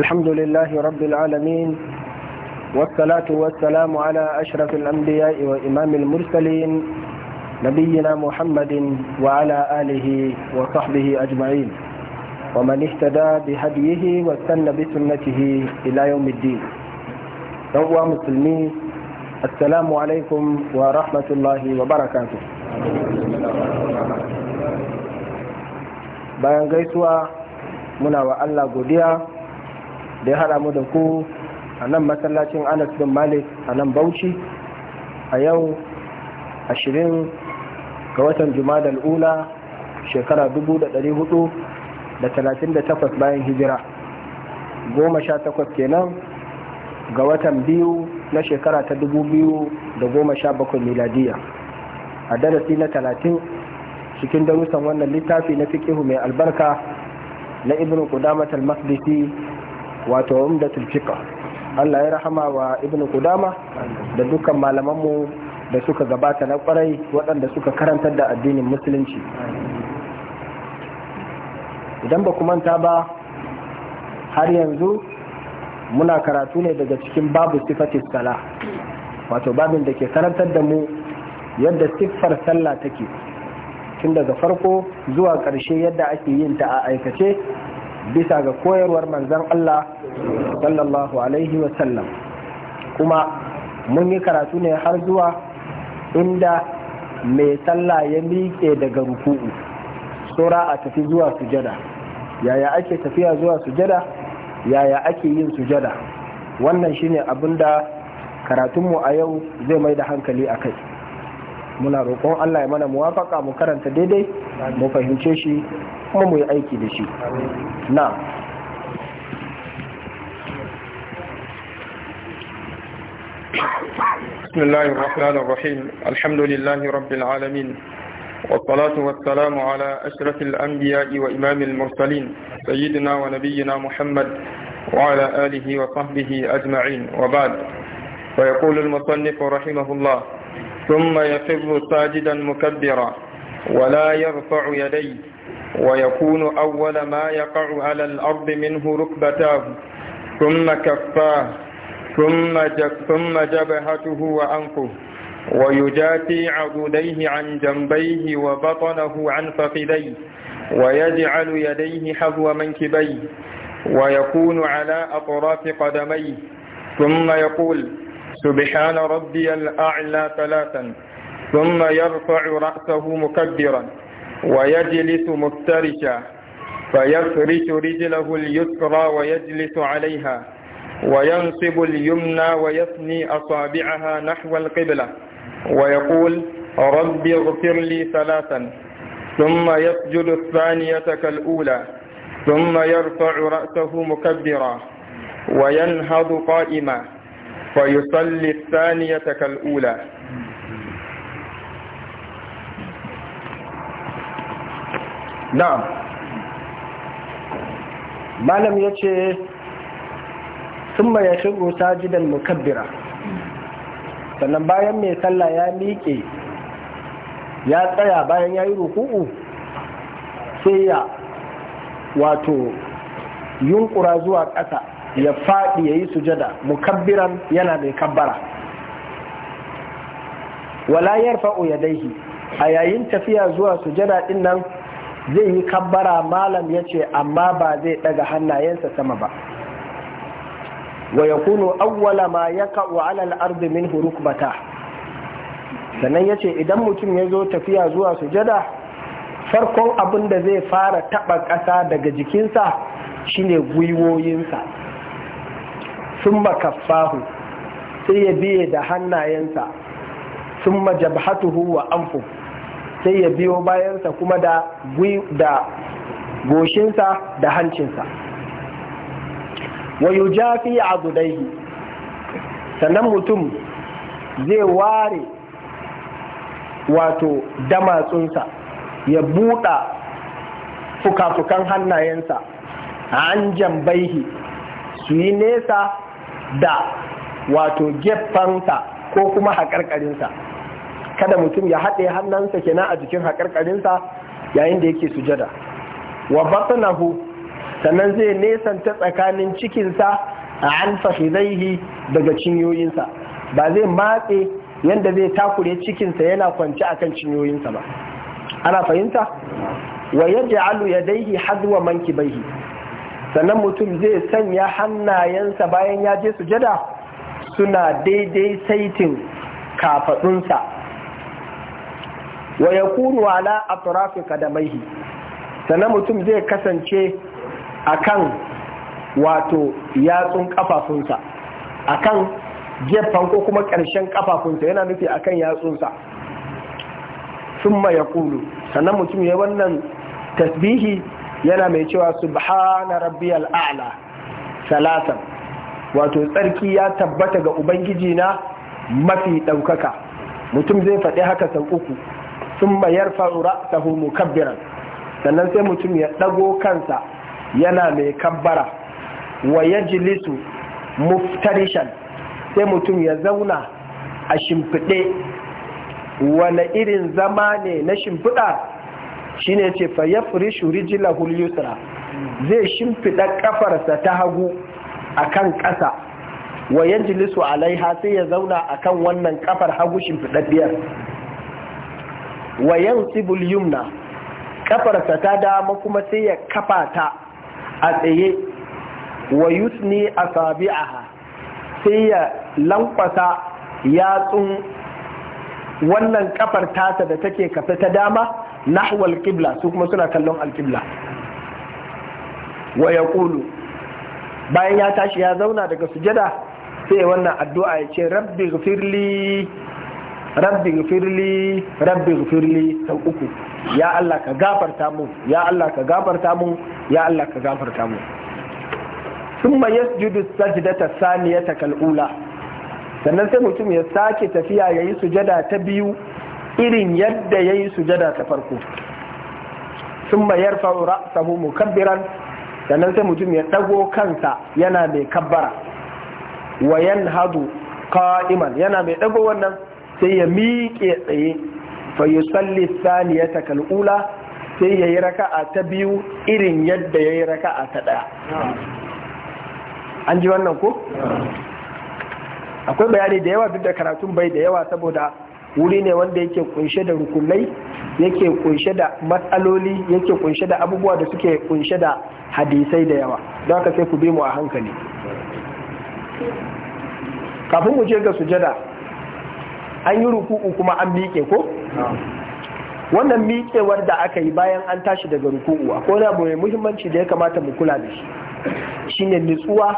الحمد لله رب العالمين والصلاة والسلام على أشرف الأنبياء وإمام المرسلين نبينا محمد وعلى آله وصحبه أجمعين ومن اهتدى بهديه واستنى بسنته إلى يوم الدين روى مسلمين السلام عليكم ورحمة الله وبركاته بيان gaisuwa منا wa Allah da ya haɗa mu da ku a nan masallacin anas bin malik a nan bauchi a yau ashirin ga watan jumada al'ula shekara takwas bayan hijira goma sha takwas kenan ga watan biyu na shekara ta bakwai miladiya a darasi na talatin cikin darussan wannan littafi na fikihu mai albarka na ibn ƙudamatar al-maqdisi wato umdatul tulfika Allah ya rahama wa ibn Kudama da dukkan malamanmu da suka gabata na kwarai waɗanda suka karantar da addinin musulunci idan ba manta ba har yanzu muna karatu ne daga cikin babu sifati sala wato babin da ke karantar da mu yadda siffar sallah take tun daga farko zuwa ƙarshe yadda ake yin ta a aikace bisa ga koyarwar manzon Allah sallallahu alaihi wasallam kuma mun yi karatu ne har zuwa inda mai sallah ya miƙe daga ruku'u tsora a tafi zuwa sujada yaya ake tafiya zuwa sujada yaya ake yin sujada wannan shine abin da karatunmu a yau zai mai da hankali a kai muna roƙon allah ya mana muwafaka mu karanta daidai mu fahimce shi kuma mu yi aiki da shi na بسم الله الرحمن الرحيم الحمد لله رب العالمين والصلاة والسلام على أشرف الأنبياء وإمام المرسلين سيدنا ونبينا محمد وعلى آله وصحبه أجمعين وبعد فيقول المصنف رحمه الله ثم يفر ساجدا مكبرا ولا يرفع يديه ويكون أول ما يقع على الأرض منه ركبتاه ثم كفاه ثم ثم جبهته وأنفه ويجافي عضديه عن جنبيه وبطنه عن فخذيه ويجعل يديه حذو منكبيه ويكون على أطراف قدميه ثم يقول سبحان ربي الأعلى ثلاثا ثم يرفع رأسه مكبرا ويجلس مفترشا فيفرش رجله اليسرى ويجلس عليها وينصب اليمنى ويثني أصابعها نحو القبلة ويقول رب اغفر لي ثلاثا ثم يسجد الثانية كالأولى ثم يرفع رأسه مكبرا وينهض قائما فيصلي الثانية كالأولى نعم ما لم ce ma ya shigo sajidan mukabbira sannan bayan mai sallah ya miƙe ya tsaya bayan ya yi ruku'u sai ya wato yunkura zuwa ƙasa ya faɗi ya yi sujada mukabbiran yana mai kabbara wala ya daihi a yayin tafiya zuwa sujada ɗin nan zai yi kabbara malam ya ce amma ba zai ɗaga hannayensa sama ba wa yakunu Auwala ma yaqa'u 'ala al-ard minhu rukbata sannan yace idan mutum ya zo tafiya zuwa sujada farkon abin da zai fara taɓa ƙasa daga jikinsa shine gwiwoyinsa sun makaffahu sai ya biye da hannayensa sun majabhatuhu wa anfu sai ya biyo bayansa kuma da goshinsa da hancinsa wa a abudaihi sannan mutum zai ware wato damatsunsa ya buɗa fuka-fukan hannayensa an jambaihi su yi nesa da wato geffansa ko kuma haƙarƙarinsa kada mutum ya haɗe hannunsa kenan a jikin haƙarƙarinsa yayin da yake sujada wa batnahu sannan zai nesanta tsakanin cikinsa a an fahidaihi daga cinyoyinsa ba zai matse yadda zai takure cikinsa yana kwanci akan cinyoyinsa ba ana fahimta wa ya Alu yaj'alu yadayhi manki yi? sannan mutum zai sanya hannayensa bayan ya je sujada suna daidai saitin kafadunsa wa kunu ala turafin qadamaihi sannan mutum zai kasance akan wato yatsun kafafunsa akan gefen ko kuma ƙarshen kafafunsa yana nufi akan yatsunsa sun ya kulu sannan mutum ya wannan tasbihi yana mai cewa subhana rabbiyal a'la salasan wato tsarki ya tabbata ga ubangiji na mafi ɗaukaka mutum zai faɗi haka sau uku sun mayar fa'ura mukabbiran sannan sai mutum ya ɗago kansa yana mai kabbara wa jilisu muftarishan sai mutum ya zauna a shimfiɗe wane irin zama ne na shimfiɗa shi ne ce fa shuri jila yusra zai shimfiɗa ƙafarsa ta hagu a kan ƙasa wa jilisu alaiha sai ya zauna a kan wannan ƙafar hagu shimfiɗaɗɗiyar wa yansibul yumna ƙafarsa ta dama kuma sai ya kafa ta a tsaye wa yusni a sabiaha sai ya lankwasa yatsun wannan kafar tasa da take kafa ta dama nahwal qibla su kuma suna kallon alkibla wa yaqulu bayan ya tashi ya zauna daga sujada sai wannan addu'a ya ce rabbi ghfirli rabbi ghfirli rabbi ghfirli sau uku ya Allah ka gafarta mun ya Allah ka gafarta mun ya Allah ka gafarta mun thumma yasjudu sajdata thaniyata kal takal'ula. sannan sai mutum ya sake tafiya ya yi sujada ta biyu irin yadda ya yi sujada ta farko thumma yarfa'u ra'sahu mukabbiran sannan sai mutum ya dago kansa yana mai kabbara Wayan hadu ka'iman yana mai dago wannan sai ya miƙe tsaye fa yusalli thaniyata ya takal'ula, sai yayi raka'a ta biyu irin yadda ya yayi raka'a ta ɗaya. an ji wannan ko akwai bayani da yawa duk da karatun bai da yawa saboda wuri ne wanda yake kunshe da rukunai yake kunshe da matsaloli yake kunshe da abubuwa da suke kunshe da hadisai da yawa don haka sai ku bi mu a hankali kafin mu je ga sujada an yi ruku'u kuma an miƙe ko wannan miƙewar da aka yi bayan an tashi daga ruku'u a na mai muhimmanci da ya kamata mu kula da shi shine nutsuwa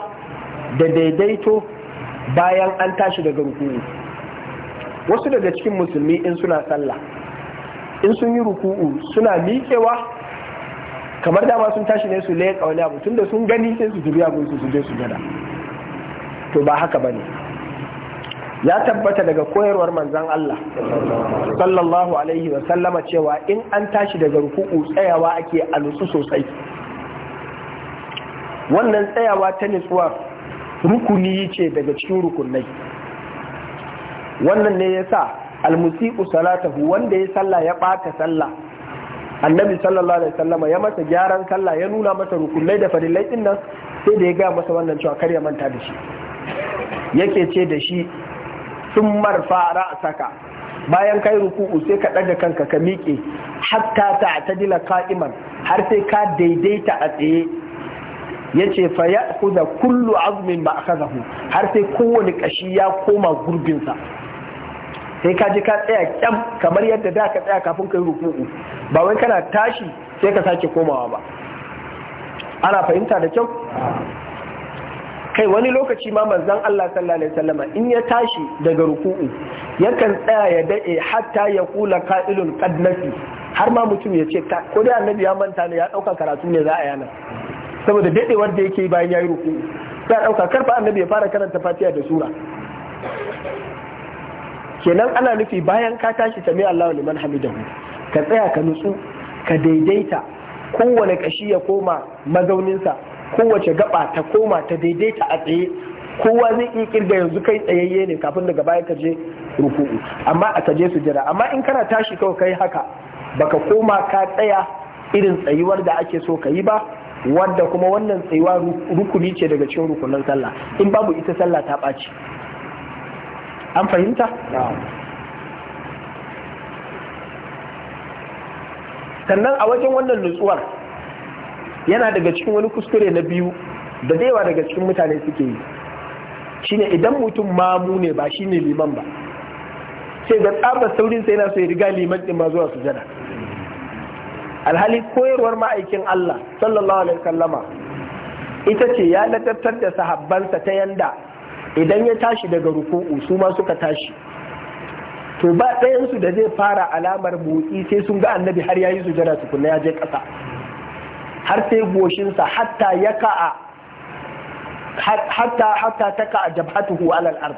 da daidaito bayan an tashi daga ruku'u wasu daga cikin musulmi in suna sallah in sun yi ruku'u suna miƙewa kamar dama sun tashi ne su leƙa wani abu tunda sun gani sai su tafi abin su su je su gada to ba haka bane ya tabbata daga koyarwar manzan Allah sallallahu alaihi wa sallama cewa in an tashi daga ruku'u tsayawa ake a nutsu sosai wannan tsayawa ta nutsuwa rukuni ce daga cikin rukunai wannan ne ya sa almusiku salatahu wanda ya salla ya bata salla annabi sallallahu alaihi sallama ya masa gyaran salla ya nuna masa rukunai da fadilai din nan sai da ya gaya masa wannan cewa kar ya manta da shi yake ce da shi sun marfa ra'asaka bayan kai ruku'u sai ka ɗaga kanka ka miƙe hatta ta atadila ka'iman har sai ka daidaita a tsaye Ya ce fa ya'khudha kullu ba aka akhadahu har sai kowane ƙashi ya koma gurbinsa sai ka ji ka tsaya kyam kamar yadda da ka tsaya kafin kai ruku'u ba wai kana tashi sai ka sake komawa ba ana fahimta da kyau kai wani lokaci ma manzon Allah sallallahu alaihi wasallama in ya tashi daga ruku'u yakan tsaya ya dade hatta ya kula qa'ilun qad nafi har ma mutum ya ce ko dai annabi ya manta ne ya dauka karatu ne za a yana saboda dadewar da yake bayan yayi ruku'u sai dauka karfa annabi ya fara karanta fatiha da sura kenan ana nufi bayan ka tashi sami Allahu liman hamidahu ka tsaya ka nutsu ka daidaita kowane kashi ya koma mazauninsa kowace gaba ta koma ta daidaita a tsaye kowa zai iya kirga yanzu kai tsayayye ne kafin daga baya ka je ruku'u amma a su jira, amma in kana tashi kawai kai haka baka koma ka tsaya irin tsayuwar da ake so ka yi ba wadda kuma wannan tsayuwa rukuni ce daga cikin rukunin sallah in babu ita sallah ta ɓaci an fahimta sannan a wajen wannan nutsuwar yana daga cikin wani kuskure na biyu da yawa daga cikin mutane suke yi shine idan mutum mamu ne ba shi ne liman ba sai ga tsabar saurin sai yana so ya riga liman din ma zuwa sujada alhali koyarwar ma'aikin Allah sallallahu alaihi wasallama ita ce ya latattar da sahabbansa ta yanda idan ya tashi daga ruku'u su ma suka tashi to ba ɗayansu da zai fara alamar motsi sai sun ga annabi har ya yayi sujada tukunna ya je ƙasa har sai goshinsa hatta ya ka'a hatta hatta ta ka'a jabhatuhu alal ard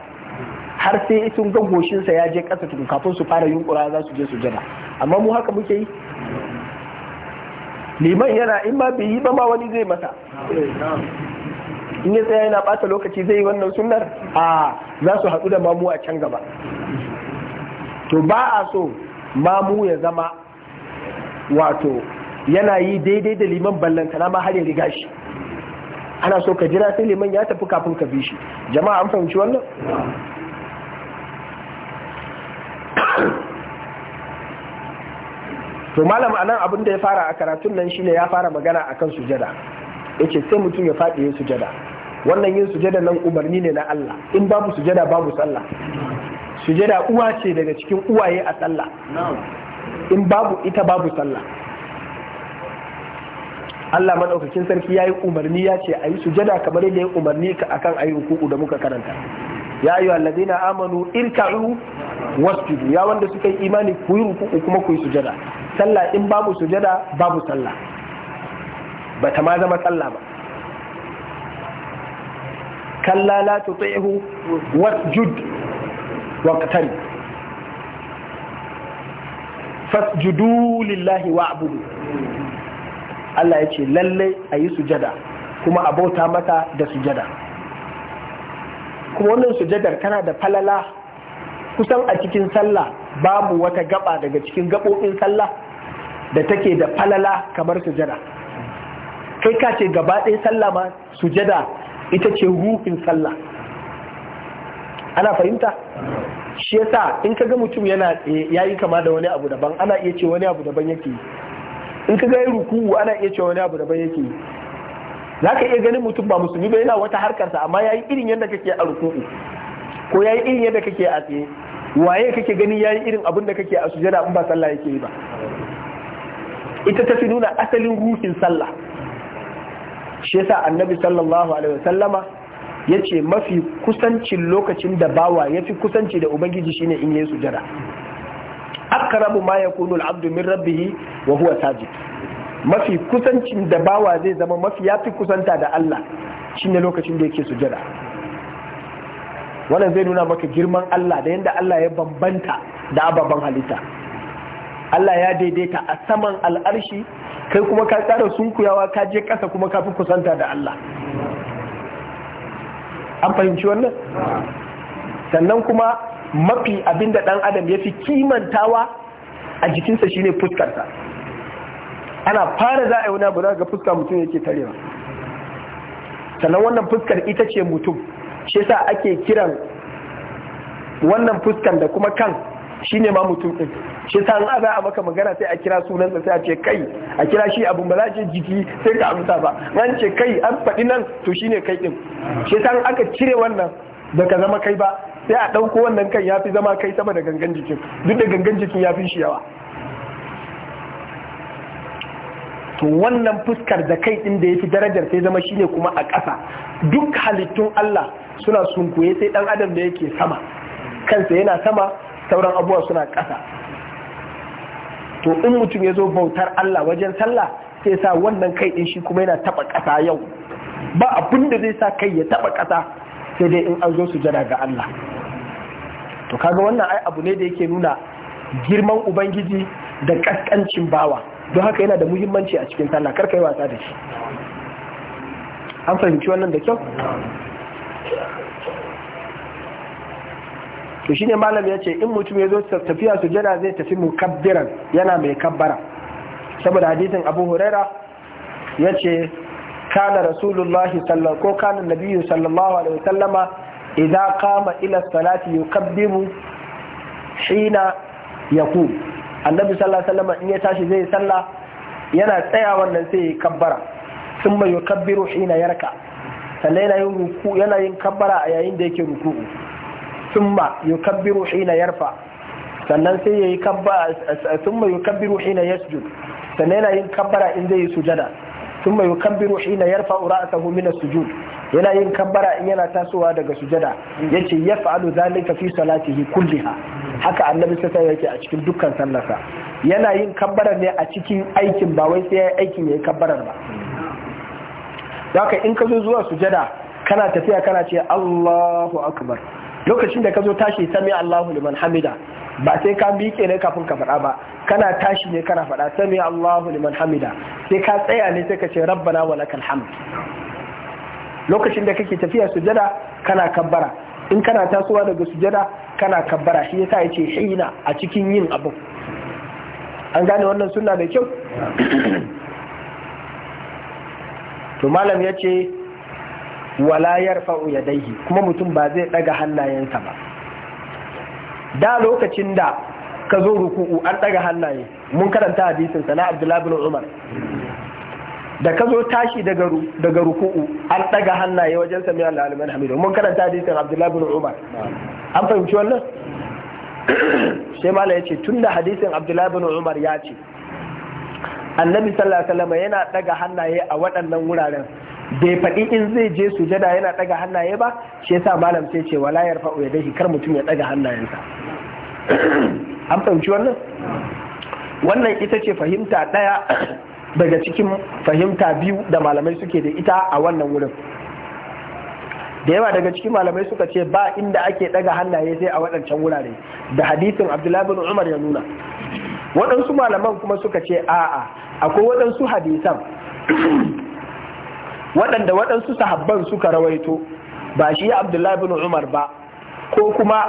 har sai sun ga goshinsa ya je ƙasa tukun kafin su fara yunkura za su je su jira amma mu haka muke yi liman yana in ma bai yi ba ma wani zai masa in ya tsaya yana bata lokaci zai yi wannan sunnar a za su haɗu da mamu a can gaba to ba a so mamu ya zama wato yana yi daidai da liman na ma har ya riga shi ana so ka jira sai liman ya tafi kafin ka bi shi jama'a an fahimci wannan to malam anan abin da ya fara a karatun nan shine ya fara magana akan sujada yace sai mutum ya fadi yin sujada wannan yin sujada nan umarni ne na Allah in babu sujada babu sallah sujada uwa ce daga cikin uwaye a sallah in babu ita babu sallah Allah madaukakin sarki yayi umarni ya ce ayi sujada kamar yadda ya umarni ka akan ayi ruku'u da muka karanta ya ayu allazina amanu irka'u wasjudu ya wanda suka yi imani ku yi ruku'u kuma ku yi sujada sallah in babu sujada babu sallah ba ta ma zama sallah ba kalla la tuti'hu wasjud waqtari fasjudu lillahi wa'budu Allah ya ce lallai a yi sujada kuma a bauta mata da sujada kuma wannan sujadar tana da falala kusan a cikin sallah babu wata gaba daga cikin gaɓoɓin sallah da take da falala kamar sujada kai ka ce gaba ɗaya sallah ma sujada ita ce ruhin sallah ana fahimta shi yasa in ka ga mutum yana yayi kama da wani abu daban ana iya ce wani abu daban yake in ka ga ruku ana iya cewa wani abu bai yake za ka iya ganin mutum ba musulmi ba yana wata harkarsa amma ya yi irin yadda kake a ruku ko ya yi irin yadda kake a tsaye waye kake gani ya yi irin abin da kake a sujada in ba sallah yake yi ba ita ta fi nuna asalin ruhin sallah shi yasa annabi sallallahu alaihi wasallama ya ce mafi kusancin lokacin da bawa ya fi kusanci da ubangiji shine in yi sujada akrabu ma yakunu al-abdu min rabbih wa huwa sajid mafi kusancin da bawa zai zama mafi yafi kusanta da Allah shine lokacin da yake sujada wannan zai nuna maka girman Allah da yanda Allah ya bambanta da ababen halitta Allah ya daidaita a saman al'arshi kai kuma ka tsara sunkuyawa ka je ƙasa kuma ka fi kusanta da Allah an fahimci wannan sannan kuma mafi abin da ɗan adam ya fi kimantawa a jikinsa shine fuskarsa ana fara za a yi wani za ga fuska mutum yake tarewa sannan wannan fuskar ita ce mutum shi sa ake kiran wannan fuskar da kuma kan shine ma mutum ɗin shi sa za a maka magana sai a kira sunansa sai a ce kai a kira shi abin ba za a ce jiki sai ka amsa ba an ce kai an faɗi nan to shine kai ɗin shi sa aka cire wannan da zama kai ba sai a ɗauko wannan kan ya fi zama kai sama da gangan jikin duk da gangan jikin ya fi shi yawa to wannan fuskar da kai ɗin da ya fi darajar sai zama shi ne kuma a ƙasa duk halittun Allah suna sunkuye sai ɗan adam da yake sama kansa yana sama sauran abubuwa suna ƙasa to in mutum ya zo bautar Allah wajen sallah sai sa wannan kai ɗin shi kuma yana taɓa ƙasa yau ba abin da zai sa kai ya taɓa ƙasa sai dai in an zo su jada ga Allah to kaga wannan ai abu ne da yake nuna girman ubangiji da kaskancin bawa don haka yana da muhimmanci a cikin sallah karka yi wasa da shi an fahimci wannan da kyau to shine malam ya ce in mutum ya zo tafiya su jada zai tafi mukabbiran yana mai kabbara saboda hadisin abu huraira ya ce kana rasulullahi sallallahu ko kana nabiyyu sallallahu alaihi wasallama idza qama ila salati yukabbiru hina yaku annabi sallallahu alaihi wasallama in ya tashi zai sallah yana tsaya wannan sai ya kabbara thumma yukabbiru hina yarka sannan yana yin ruku yana yin kabbara a yayin da yake ruku'u thumma yukabbiru hina yarfa sannan sai yayi kabbara thumma yukabbiru hina yasjud sannan yana yin kabbara in zai yi sujada mai yukabbiru hina yarfa'u a sahu mina sujud yana yin kabbara in yana tasowa daga sujada yace yaf'alu dhalika fi salatihi kulliha haka annabi sallallahu yake a cikin dukkan sallarsa yana yin kabbara ne a cikin aikin ba wai sai yayi aikin yi kabbarar ba haka in ka zo zuwa sujada kana tafiya kana ce Allahu akbar lokacin da ka zo tashi sami Allahu liman hamida ba sai ka miƙe ne kafin ka faɗa ba kana tashi ne kana faɗa sami Allahu liman hamida sai ka tsaya ne sai ka ce rabbana wa lakal hamd lokacin da kake tafiya sujada kana kabbara in kana tasowa daga sujada kana kabbara shi yasa yace hina a cikin yin abu an gane wannan sunna da kyau to malam yace wala yarfa'u yadayhi kuma mutum ba zai daga hannayensa ba da lokacin da ka zo ruku'u an daga hannaye mun karanta hadisin sana abdullahi bin umar da ka zo tashi daga ruku'u an daga hannaye wajen sami Allah aliman hamidu mun karanta hadisin abdullahi bin umar an fahimci wannan sai mala ya ce tun da hadisin abdullahi bin umar ya ce annabi sallallahu alaihi wasallam yana daga hannaye a waɗannan wuraren bai faɗi in zai je sujada yana daga hannaye ba shi yasa malam sai ce wala yarfa'u yadayhi kar mutum ya daga hannayensa an fahimci wannan wannan ita ce fahimta ɗaya daga cikin fahimta biyu da malamai suke da ita a wannan wurin da yawa daga cikin malamai suka ce ba inda ake daga hannaye sai a waɗancan wurare da hadisin abdullahi bin umar ya nuna waɗansu malaman kuma suka ce a'a akwai waɗansu hadisan waɗanda waɗansu sahabban suka rawaito ba shi abdullahi bin umar ba ko kuma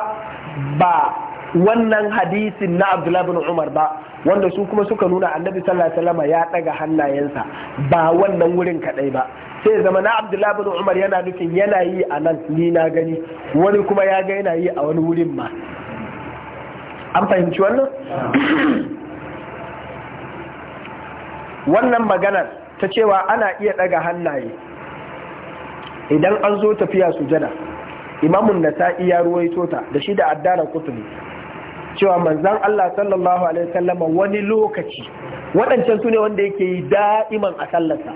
ba wannan hadisin na Abdullahi bin Umar ba wanda su kuma suka nuna annabi sallallahu alaihi wasallam ya daga hannayensa ba wannan wurin kadai ba sai zama na Abdullahi bin Umar yana nufin yana yi a nan ni na gani wani kuma ya ga yana yi a wani wurin ma an fahimci wannan wannan maganar ta cewa ana iya daga hannaye idan an zo tafiya sujada imamun nasa'i ya ruwaito ta da shi da addara kutubi cewa manzan Allah sallallahu alaihi wasallama wani lokaci waɗancan su ne wanda yake da'iman a sallarsa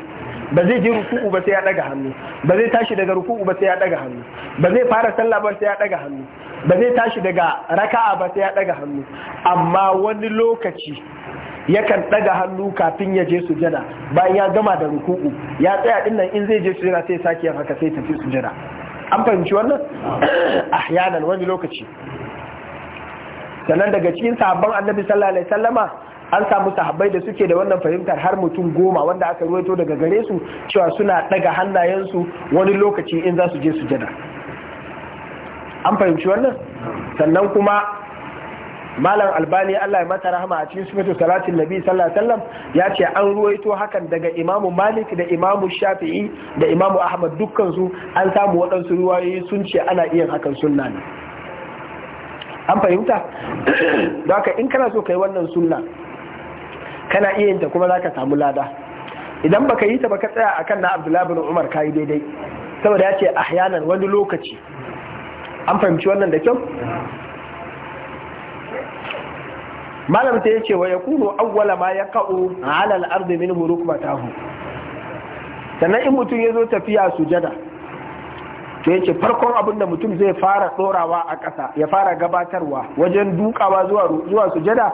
ba zai je ruku'u ba sai ya ɗaga hannu ba zai tashi daga ruku'u ba sai ya ɗaga hannu ba zai fara sallah ba sai ya ɗaga hannu ba zai tashi daga raka'a ba sai ya ɗaga hannu amma wani lokaci yakan ɗaga hannu kafin ya je su sujada bayan ya gama da ruku'u ya tsaya din in zai je su jada sai sake haka sai tafi sujada an fahimci wannan ahyanan wani lokaci sannan daga cikin sahabban annabi sallallahu alaihi wasallama an samu sahabbai da suke da wannan fahimtar har mutum goma wanda aka ruwaito daga gare su cewa suna daga hannayensu wani lokaci in za su je sujada an fahimci wannan sannan kuma malam albani Allah ya mata rahama a cikin sunatu salatin nabi sallallahu alaihi wasallam ya ce an ruwaito hakan daga imamu malik da imamu shafi'i da imamu ahmad dukkan su an samu waɗansu ruwayoyi sun ce ana iya hakan sunna ne an fahimta Da haka in kana so ka yi wannan sunna kana iya yinta kuma za ka samu lada idan baka yi ta ba ka tsaya a kan na abdullabin umar kayi daidai saboda ya ce ahyanan wani lokaci an fahimci wannan da kyau malam ta ce wa ya kuno awwala ma ya yaqa'u 'ala al-ardi ta hu sannan in mutum ya zo tafiya sujada to ce farkon abin da mutum zai fara tsorawa a ƙasa ya fara gabatarwa wajen dukawa zuwa zuwa sujada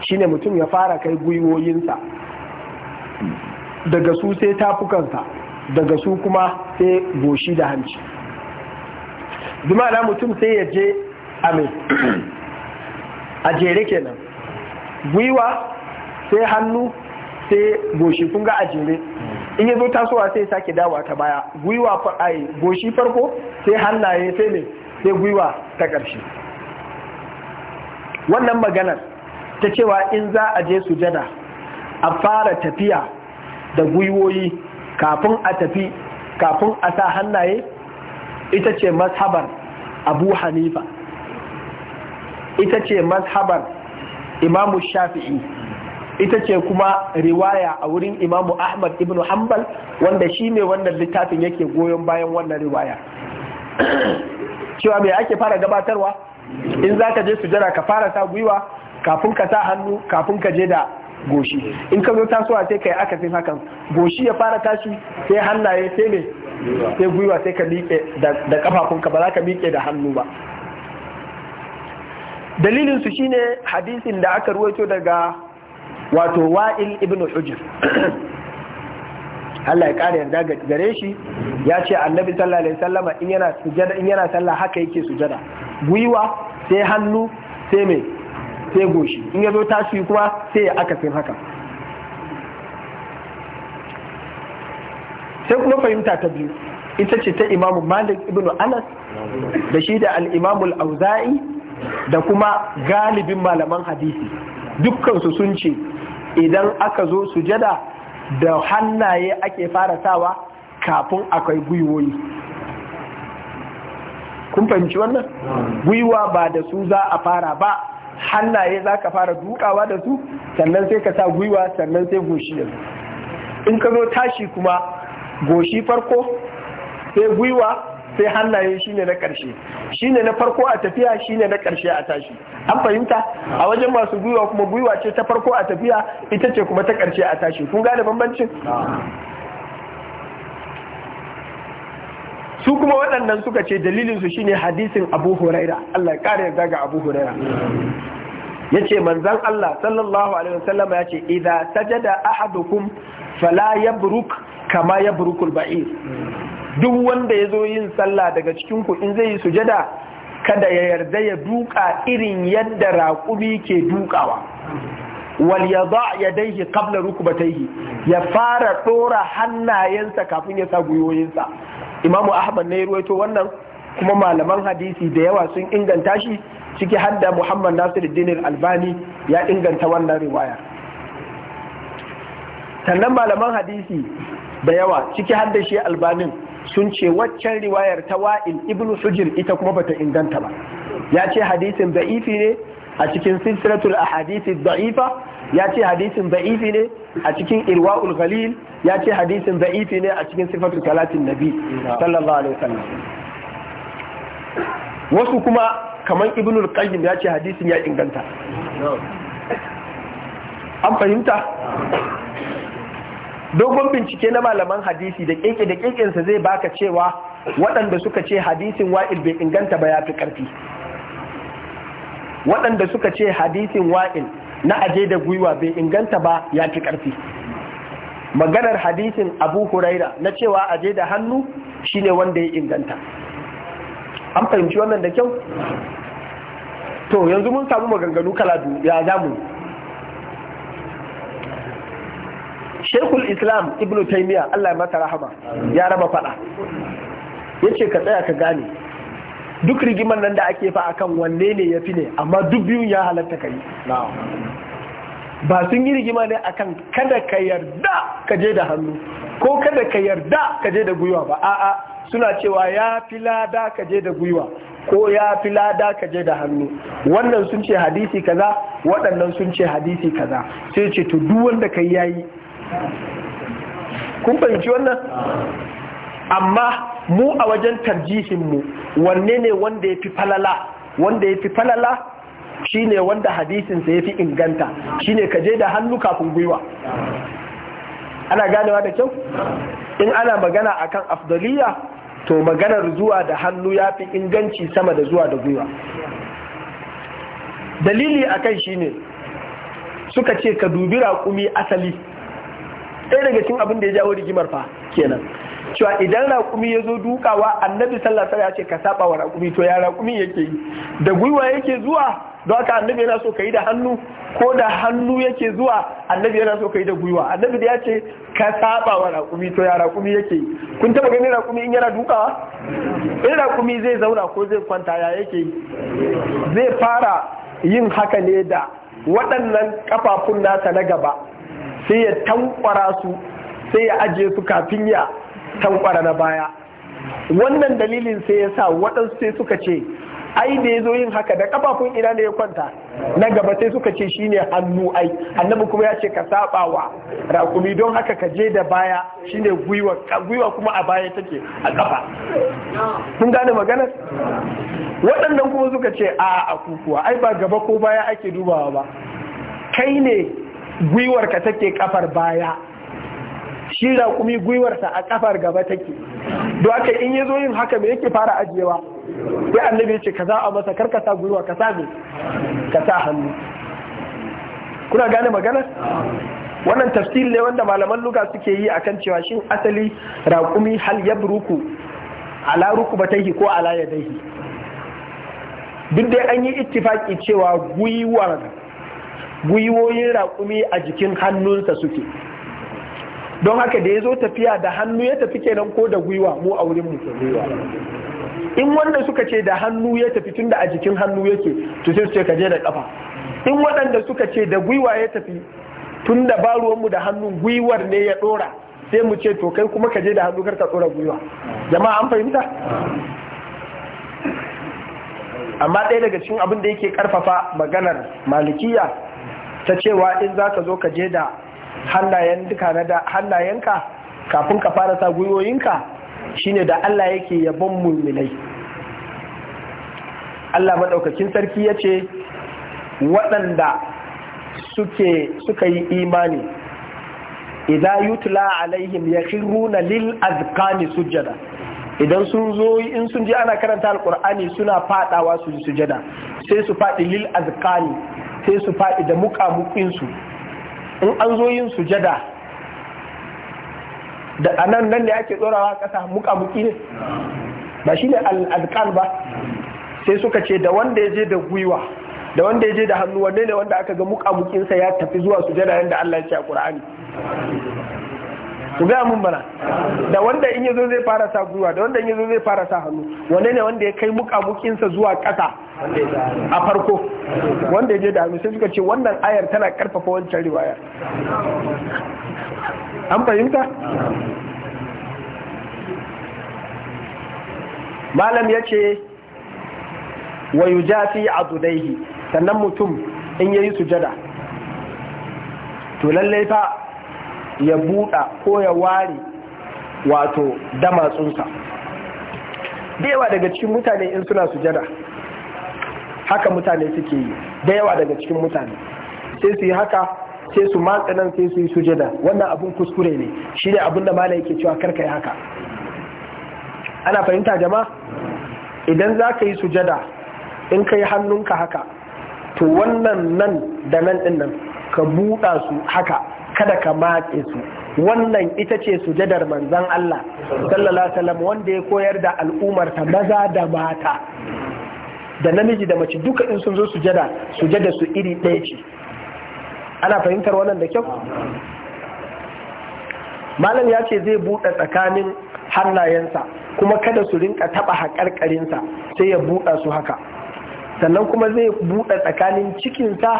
shine mutum ya fara kai gwiwoyinsa daga su sai tafukansa daga su kuma sai goshi da hanci dumana mutum sai ya je a a jere kenan gwiwa sai hannu sai goshi kun ga a jere in ya zo tasowa sai ya sake dawa ta baya gwiwa ai goshi farko sai hannaye sai ne sai gwiwa ta ƙarshe wannan maganar ta cewa in za a je sujada a fara tafiya da gwiwoyi kafin a tafi kafin a sa hannaye ita ce mazhabar abu hanifa ita ce mazhabar imamu shafi'i ita ce kuma riwaya a wurin imamu ahmad ibn hanbal wanda shi ne wannan littafin yake goyon bayan wannan riwaya cewa mai ake fara gabatarwa in za ka je sujara ka fara sa gwiwa kafin ka sa hannu kafin ka je da goshi in ka zo tasowa sai ka yi akasin hakan goshi ya fara tashi sai hannaye sai ne sai gwiwa sai ka miƙe da kafafunka ba za ka miƙe da hannu ba dalilinsu shine hadisin da aka ruwaito daga wato wa'il ibn hujjar Allah ya ƙara yarda gare shi ya ce annabi sallallahu alaihi sallama in yana sujada in yana haka yake sujada gwiwa sai hannu sai mai sai goshi in ya zo tashi kuma sai ya aka akasin haka sai kuma fahimta ta biyu ita ce ta imamu malik ibn anas da shi da al imamul auza'i da kuma galibin malaman hadisi dukkansu sun ce idan aka zo sujada da hannaye ake fara sawa kafin akwai gwiwoyi kun fahimci wannan gwiwa ba da su za a fara ba hannaye za ka fara dukawa da su sannan sai ka sa gwiwa sannan sai goshi da in ka zo tashi kuma goshi farko sai gwiwa sai hannaye shine na karshe shine na farko a tafiya shine na karshe a tashi an fahimta a wajen masu gwiwa kuma gwiwa ce ta farko a tafiya ita ce kuma ta karshe a tashi kun gane bambancin su kuma waɗannan suka ce dalilin su shine hadisin abu huraira Allah ya ƙara yarda ga abu huraira ya ce manzan Allah sallallahu alaihi wasallam ya ce idza sajada ahadukum fala yabruk kama yabrukul ba'ir duk wanda ya zo yin sallah daga cikin ku in zai yi sujada kada ya yarda ya duka irin yadda raƙumi ke dukawa wal ya za ya daihi kabla rukubataihi ya fara ɗora hannayensa kafin ya sa gwiwoyinsa imamu ahmad yi ruwaito wannan kuma malaman hadisi da yawa sun inganta shi ciki hadda muhammad nasiruddin albani ya inganta wannan riwaya sannan malaman hadisi da yawa ciki da shi albanin sun ce waccan riwayar ta wa'il ibnu hujr ita kuma bata inganta ba ya ce hadisin da'ifi ne a cikin silsilatul ahadisi da'ifa ya ce hadisin da'ifi ne a cikin irwa'ul ghalil ya ce hadisin da'ifi ne a cikin sifatul talatin nabi sallallahu alaihi wasallam wasu kuma kamar ibnu al-qayyim ya ce hadisin ya inganta an fahimta dogon bincike na malaman hadisi da keke da kekensa zai baka cewa waɗanda suka ce hadisin wa'il bai inganta ba ya fi ƙarfi waɗanda suka ce hadisin wa'il na aje da gwiwa bai inganta ba ya fi ƙarfi maganar hadisin abu huraira na cewa aje da hannu shine wanda ya inganta an fahimci wannan da kyau to yanzu mun samu maganganu kala ya zamu shekul islam ibn taymiya Allah ya masa rahama ya raba fada yace ka tsaya ka gane duk rigimar nan da ake fa akan wanne ne ya fi ne amma duk biyun ya halatta ka yi. ba sun yi rigima ne akan kada ka yarda ka je da hannu ko kada ka yarda ka je da gwiwa ba a'a suna cewa ya fi lada ka je da gwiwa ko ya fi lada ka je da hannu wannan sun ce hadisi kaza waɗannan sun ce hadisi kaza sai ce to duk wanda kai yayi kun fahimci wannan amma mu a wajen tarjihinmu wanne ne wanda ya fi falala wanda ya fi falala shi ne wanda hadisinsa ya fi inganta shi ne je da hannu kafin gwiwa ana ganewa da kyau in ana magana akan afdaliya to maganar zuwa da hannu ya fi inganci sama da zuwa da gwiwa dalili akan shi ne suka ce ka dubi raƙumi asali ɗaya daga cikin abin da ya jawo rigimar fa kenan cewa idan raƙumi ya zo dukawa annabi sallallahu alaihi ya ce ka saba wa raƙumi to ya raƙumi yake yi da gwiwa yake zuwa don haka annabi yana so ka da hannu ko da hannu yake zuwa annabi yana so ka da gwiwa annabi da ya ce ka saba wa raƙumi to ya raƙumi yake yi kun taba ganin raƙumi in yana dukawa in raƙumi zai zauna ko zai kwanta ya yake yi zai fara yin haka ne da waɗannan kafafun nasa na gaba sai ya tankwara su sai ya ajiye su kafin ya tankwara na baya wannan dalilin sai ya sa waɗansu sai suka ce ai da ya zo yin haka da kafafun ina ne ya kwanta na gaba sai suka ce shine hannu ai annabi kuma ya ce ka saba wa rakumi don haka ka je da baya shine gwiwa gwiwa kuma a baya take a kafa kun gane magana? waɗannan kuma suka ce a a kukuwa ai ba gaba ko baya ake dubawa ba kai ne gwiwarka take kafar baya shi raƙumi gwiwarsa a kafar gaba take don haka in ya zo yin haka me yake fara ajiyewa sai annabi ya ce kaza a masa kar ka sa gwiwa ka sa ka sa hannu kuna gane magana wannan tafsir ne wanda malaman luga suke yi akan cewa shin asali raƙumi hal yabruku ala rukubataihi ko ala yadaihi duk dai an yi ittifaki cewa gwiwar gwiwoyin raƙumi a jikin hannunsa suke don haka da ya zo tafiya da hannu ya tafi kenan ko da gwiwa mu a wurin mu in wanda suka ce da hannu ya tafi tun da a jikin hannu yake to sai su ce ka je da kafa in waɗanda suka ce da gwiwa ya tafi tun da ba ruwanmu da hannun gwiwar ne ya ɗora sai mu ce to kai kuma ka je da hannu kar ka ɗora gwiwa jama'a an fahimta amma ɗaya daga cikin abin da yake ƙarfafa maganar malikiya ta cewa in za ka zo ka je da hannayen duka na da hannayenka kafin ka fara sa gwiwoyinka shine da Allah yake yabon mulmulai Allah maɗaukakin sarki ya ce waɗanda suke suka yi imani idan yutla alaihim runa lil azkani sujada idan sun zo in sun ji ana karanta alkur'ani suna fadawa su sujada sai su fadi lil azkani. sai su faɗi da muƙamuƙinsu in an zo yin sujada da anan nan ne ake tsorawa ƙasa muƙamuƙi ne ba shi ne alƙal ba sai suka ce da wanda ya je da gwiwa da wanda ya je da hannu wanne ne wanda aka ga muƙamuƙinsa ya tafi zuwa sujada yadda Allah ya ce a ƙura'ani ku gaya mun bana da wanda in yazo zai fara sa gwiwa da wanda in yazo zai fara sa hannu wanda ne wanda ya kai mukamukin sa zuwa kasa a farko wanda ya je da hannu sai suka ce wannan ayar tana karfafa wancan riwaya an fahimta malam ya ce wa yujafi adudaihi sannan mutum in yayi sujada to lallai fa ya buɗa ko ya ware wato damatsunsa da yawa daga cikin mutane in suna sujada haka mutane suke yi da yawa daga cikin mutane sai su yi haka sai su matsa nan sai su yi sujada wannan abin kuskure ne shi ne abin da mala yake cewa karka yi haka ana fahimta jama'a idan za ka yi sujada in ka yi hannunka haka to wannan nan da nan ɗin nan ka buɗa su haka kada ka matse su wannan ita ce sujadar manzan Allah sallallahu alaihi wanda ya koyar da ta maza da mata da namiji da mace duka in sun zo sujada sujada su iri ɗaya ce ana fahimtar wannan da kyau malam ya ce zai buɗe tsakanin hannayensa kuma kada su rinka taɓa haƙarƙarinsa sai ya buɗe su haka sannan kuma zai buɗe tsakanin cikinsa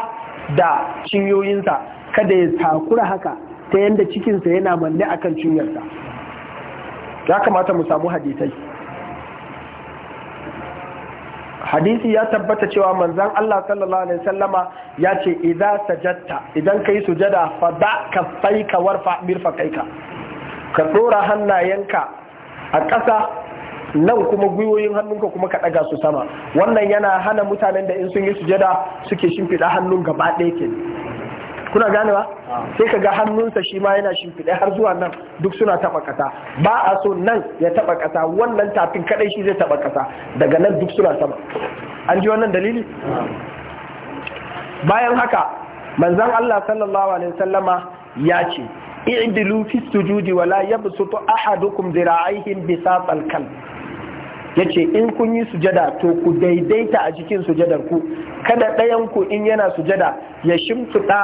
da cinyoyinsa kada ya takura haka ta yadda cikinsa yana manne a kan cinyarsa ya kamata mu samu hadisai hadisi ya tabbata cewa manzan Allah sallallahu alaihi sallama ya ce idan sajatta idan yi sujada fa ba ka ka warfa mirfa kai ka ka tsora hannayenka a ƙasa nan kuma gwiwoyin hannunka kuma ka ɗaga su sama wannan yana hana mutanen da in sun yi sujada suke shimfiɗa hannun gaba ɗaya ke kuna ganewa sai ka ga hannunsa shi ma yana shimfiɗe har zuwa nan duk suna taɓa ƙasa ba a so nan ya taɓa ƙasa wannan tafin kaɗai shi zai taɓa ƙasa daga nan duk suna sama an ji wannan dalili bayan haka manzon Allah sallallahu alaihi wasallama ya ce i'dilu fi sujudi wala yabsutu ahadukum dhira'aihi bisat al-kalb yace in kun yi sujada to ku daidaita a jikin sujadar ku kada ɗayan ku in yana sujada ya shimfiɗa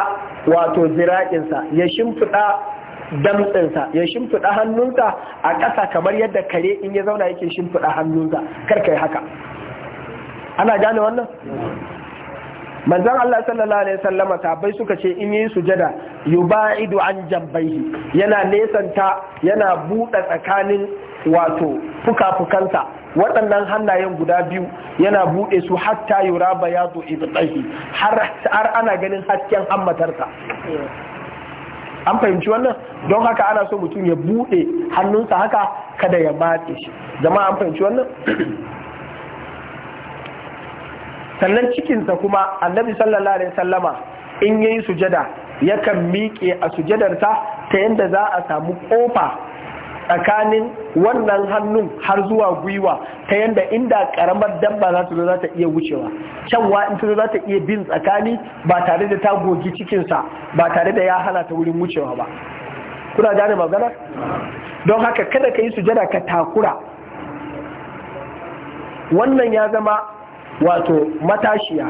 wato zira'insa ya shimfiɗa damtsinsa ya shimfiɗa hannunsa a ƙasa kamar yadda kare in ya zauna yake shimfiɗa hannunsa kar kai haka ana gane wannan manzon Allah sallallahu alaihi wasallama sahabbai suka ce in yi sujada yubaidu an jambaihi yana nesanta yana buɗe tsakanin wato fuka-fukansa waɗannan hannayen guda biyu yana buɗe su hatta yura bayadu ibtahi har ana ganin hasken hammatarsa an fahimci wannan don haka ana so mutum ya buɗe hannunsa haka kada ya matse jama'a an fahimci wannan sannan cikinsa kuma annabi sallallahu alaihi sallama in yayi sujada yakan miƙe a sujadarsa ta yadda za a samu ƙofa tsakanin wannan hannun har zuwa gwiwa ta yadda inda karamar dabba za ta zo za ta iya wucewa canwa in ta zo iya bin tsakani ba tare da ta gogi cikinsa ba tare da ya hana ta wurin wucewa ba kuna gane magana don haka kada ka yi sujada ka takura wannan ya zama wato matashiya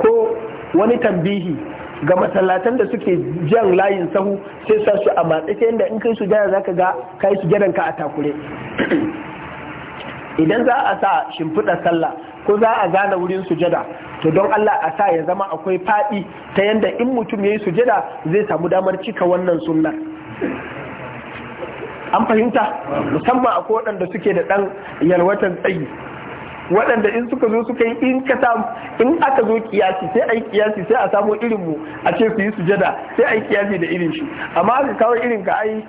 ko wani tambihi ga masallatan da suke jan layin sahu sai sa su a matsa ta yadda in kai su jana za ka ga kai su ka a takure idan za a sa shimfiɗa sallah ko za a gane wurin sujada to don Allah a sa ya zama akwai faɗi ta yadda in mutum ya yi sujada zai samu damar cika wannan sunnar an fahimta musamman akwai waɗanda suke da ɗan yalwatan tsayi waɗanda in suka zo suka yi in ka samu in aka zo kiyasi sai a yi kiyasi sai a samu irinmu a ce su yi sujada sai a yi kiyasi da irin shi amma aka kawo irin ka ai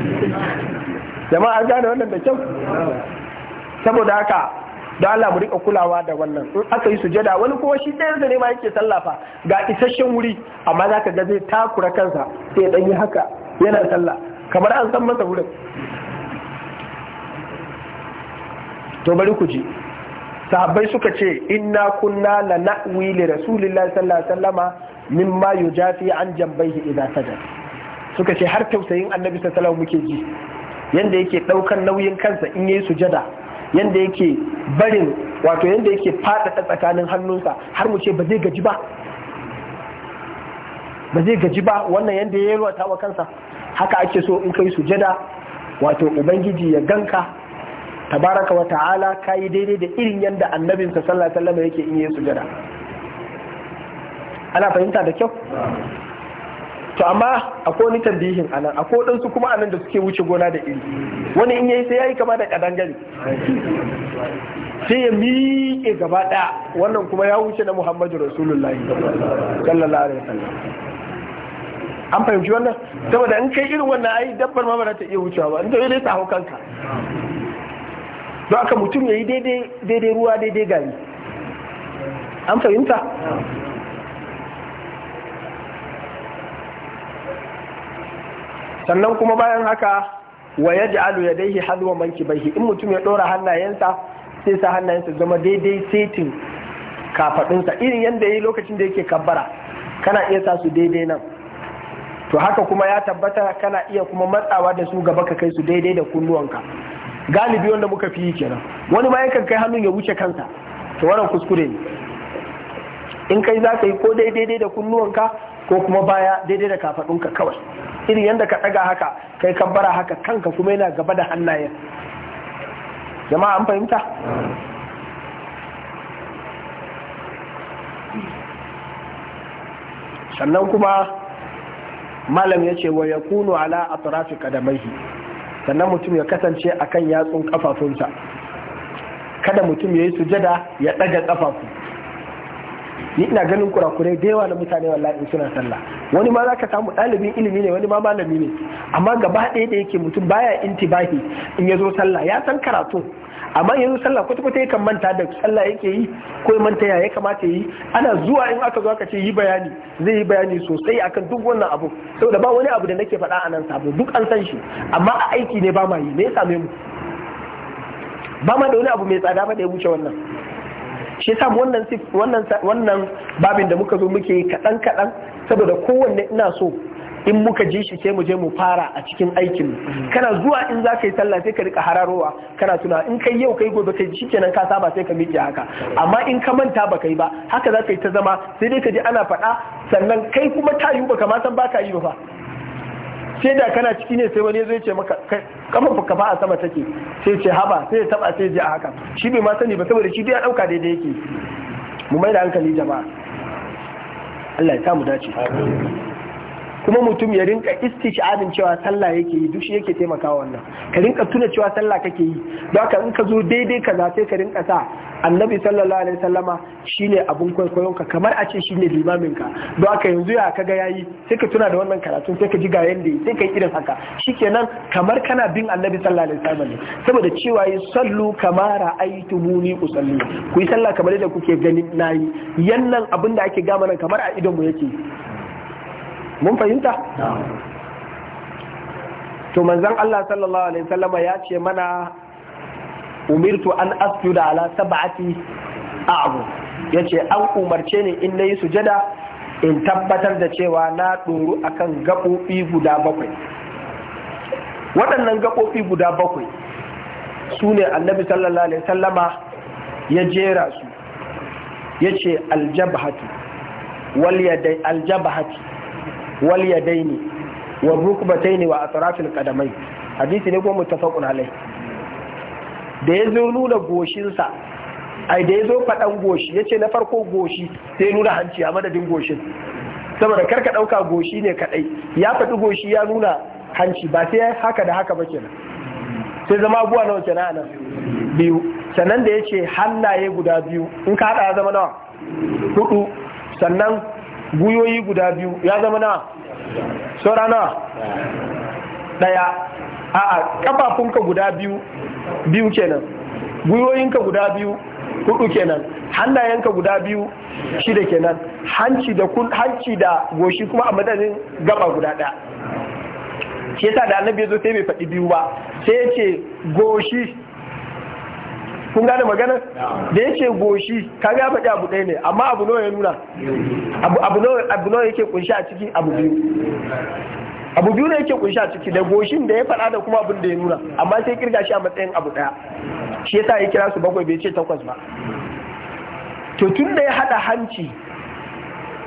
jama'a an gane wannan da kyau saboda haka don Allah mu rika kulawa da wannan in aka yi sujada wani kuma shi ɗaya da ne ma yake sallafa ga isasshen wuri amma za ka ga zai takura kansa sai ya dan yi haka yana sallah kamar an san masa wurin to bari ku ji sahabbai suka ce inna kunna la na'wi li rasulillahi sallallahu alaihi wasallama mimma yujafi an jambaihi idza sajada suka ce har tausayin annabi sallallahu alaihi muke ji yanda yake daukan nauyin kansa in yayi sujada yanda yake barin wato yanda yake fada tsakanin hannunsa har mu ce ba zai gaji ba ba zai gaji ba wannan yanda ya yi tawa kansa haka ake so in kai sujada wato ubangiji ya ganka tabaraka wa ta'ala kayi daidai da irin yadda annabin sa sallallahu alaihi wasallam yake in yi sujada ana fahimta da kyau to amma akwai wani tambihin anan akwai su kuma anan da suke wuce gona da iri wani in yayi sai yayi kama da kadangare sai ya miƙe gaba ɗaya wannan kuma ya wuce na Muhammadu Rasulullahi sallallahu alaihi wasallam an fahimci wannan saboda in kai irin wannan ai dabbar ma ba ta iya wucewa ba in ta yi dai ta hau kanka don aka mutum ya yi daidai ruwa daidai gari an fahimta sannan kuma bayan haka wa ya ji alu ya daihi halwa manki baihi in mutum ya ɗora hannayensa sai sa hannayensa zama daidai setin kafaɗinsa irin yadda ya yi lokacin da yake kabbara kana iya sa su daidai nan to haka kuma ya tabbata kana iya kuma matsawa da su gaba ka kai su daidai da kunnuwanka galibi wanda muka fi kenan wani ma yakan kai hannun ya wuce kansa to wannan kuskure ne in kai za ka yi ko daidai da kunnuwanka ko kuma baya daidai da kafadunka kawai irin yadda ka ɗaga haka kai ka bara haka kanka kuma yana gaba da hannayen jama'a an fahimta sannan kuma malam ya ce wa ya kuno ala a tarafi kadamaihi sannan mutum ya kasance a kan yatsun kafafunsa kada mutum ya yi sujada ya ɗaga kafafu ni ina ganin kurakurai da yawa na mutane wallahi suna sallah wani ma zaka samu ɗalibin ilimi ne wani ma malami ne amma gaba ɗaya da yake mutum baya intibahi in ya zo sallah ya san karatu amma yanzu sallah kwata-kwata yakan manta da sallah yake yi ko ya manta ya ya kamata yi ana zuwa in aka zo aka ce yi bayani zai yi bayani sosai akan duk wannan abu saboda ba wani abu da nake faɗa a nan sabo duk an san shi amma a aiki ne ba ma yi me ya same mu ba ma da wani abu mai tsada ba da ya wuce wannan shi sa wannan wannan wannan babin da muka zo muke kaɗan kaɗan saboda kowanne ina so in muka ji shi sai mu je mu fara a cikin aikin kana zuwa in za ka yi sallah sai ka rika hararowa kana tuna in kai yau kai gobe kai shikenan ka saba sai ka miƙe haka amma in ka manta ba kai ba haka za ka yi ta zama sai dai ka ji ana faɗa sannan kai kuma ta yi ba ma san ka yi ba sai da kana ciki ne sai wani zai ce maka kafa kafa a sama take sai ce haba sai ya taba sai ji a haka shi bai ma sani ba saboda shi dai ya dauka daidai yake mu mai da hankali jama'a Allah ya mu dace kuma mutum ya rinka istishadin cewa sallah yake yi duk shi yake taimaka wannan ka rinka tuna cewa sallah kake yi don haka in ka zo daidai ka sai ka rinka sa annabi sallallahu alaihi wasallama shine abun kwaikwayon ka kamar a ce shine limamin ka don haka yanzu ya kaga yayi sai ka tuna da wannan karatun sai ka ji ga yanda sai ka yi irin haka shikenan kamar kana bin annabi sallallahu alaihi wasallam saboda cewa yi sallu kama ra'aytumuni usalli ku yi sallah kamar yadda kuke ganin nayi yannan abin da ake gama nan kamar a idon mu yake mun fahimta to manzan Allah sallallahu alaihi wasallama ya ce mana umirtu an asjuda ala sab'ati a'bu Ya ce an umarce ni in nayi sujada in tabbatar da cewa na ɗoru akan gaɓoɓi guda bakwai waɗannan gaɓoɓi guda bakwai su ne annabi sallallahu alaihi sallama ya jera su ya ce aljabahatu wal yadai aljabhati wal yadaini wa rukbataini wa atrafil qadamai hadisi ne ko muttafaqun alai da ya zo nuna goshinsa ai da ya zo faɗan goshi ya ce na farko goshi sai nuna hanci a madadin goshin saboda ka ɗauka goshi ne kaɗai ya faɗi goshi ya nuna hanci ba sai haka da haka ba kenan sai zama abuwa nawa kenan a biyu sannan da ya ce hannaye guda biyu in ka haɗa zama nawa hudu sannan guyoyi guda biyu ya zama na saura na daya a a kafafunka guda biyu biyu kenan guyoyinka guda biyu hudu kenan hannayenka guda biyu shida kenan hanci da hanci da goshi kuma a madadin gaba guda daya shi yasa da annabi ya zo sai bai faɗi biyu ba sai ya ce goshi kun gane magana da yake goshi ka ga faɗi abu ɗaya ne amma abu nawa ya nuna abu nawa yake kunshi a ciki abu biyu abu biyu ne yake kunshi a ciki da goshin da ya faɗa da kuma abin da ya nuna amma sai kirga shi a matsayin abu ɗaya shi yasa ya kira su bakwai bai ce takwas ba to tun da ya haɗa hanci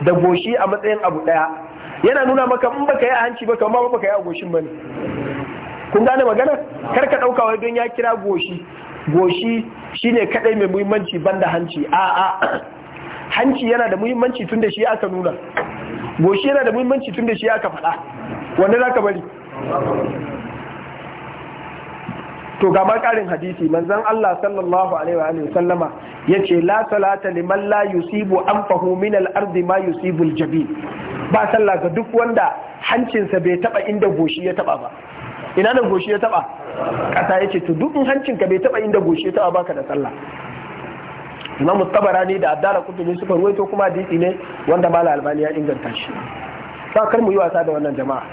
da goshi a matsayin abu ɗaya yana nuna maka in baka yi a hanci ba kamar baka yi a goshin ba ne kun gane magana kar ka ɗauka wai don ya kira goshi goshi shine kadai mai muhimmanci banda hanci a'a hanci yana da muhimmanci tun da shi aka nuna goshi yana da muhimmanci tun da shi aka faɗa wanda za ka bari to ga ma ƙarin hadisi manzan Allah sallallahu alaihi wa sallama ya ce la salata liman la yusibu anfahu min al ma yusibu al ba sallah ga duk wanda hancinsa bai taba inda goshi ya taba ba ina da goshi ya taba kasa yace to duk in hancin ka bai taba inda goshi ya taba baka da sallah imam rani da addara ne suka ruwaito kuma hadisi ne wanda mala albani ya inganta shi ba kar mu yi wasa da wannan jama'a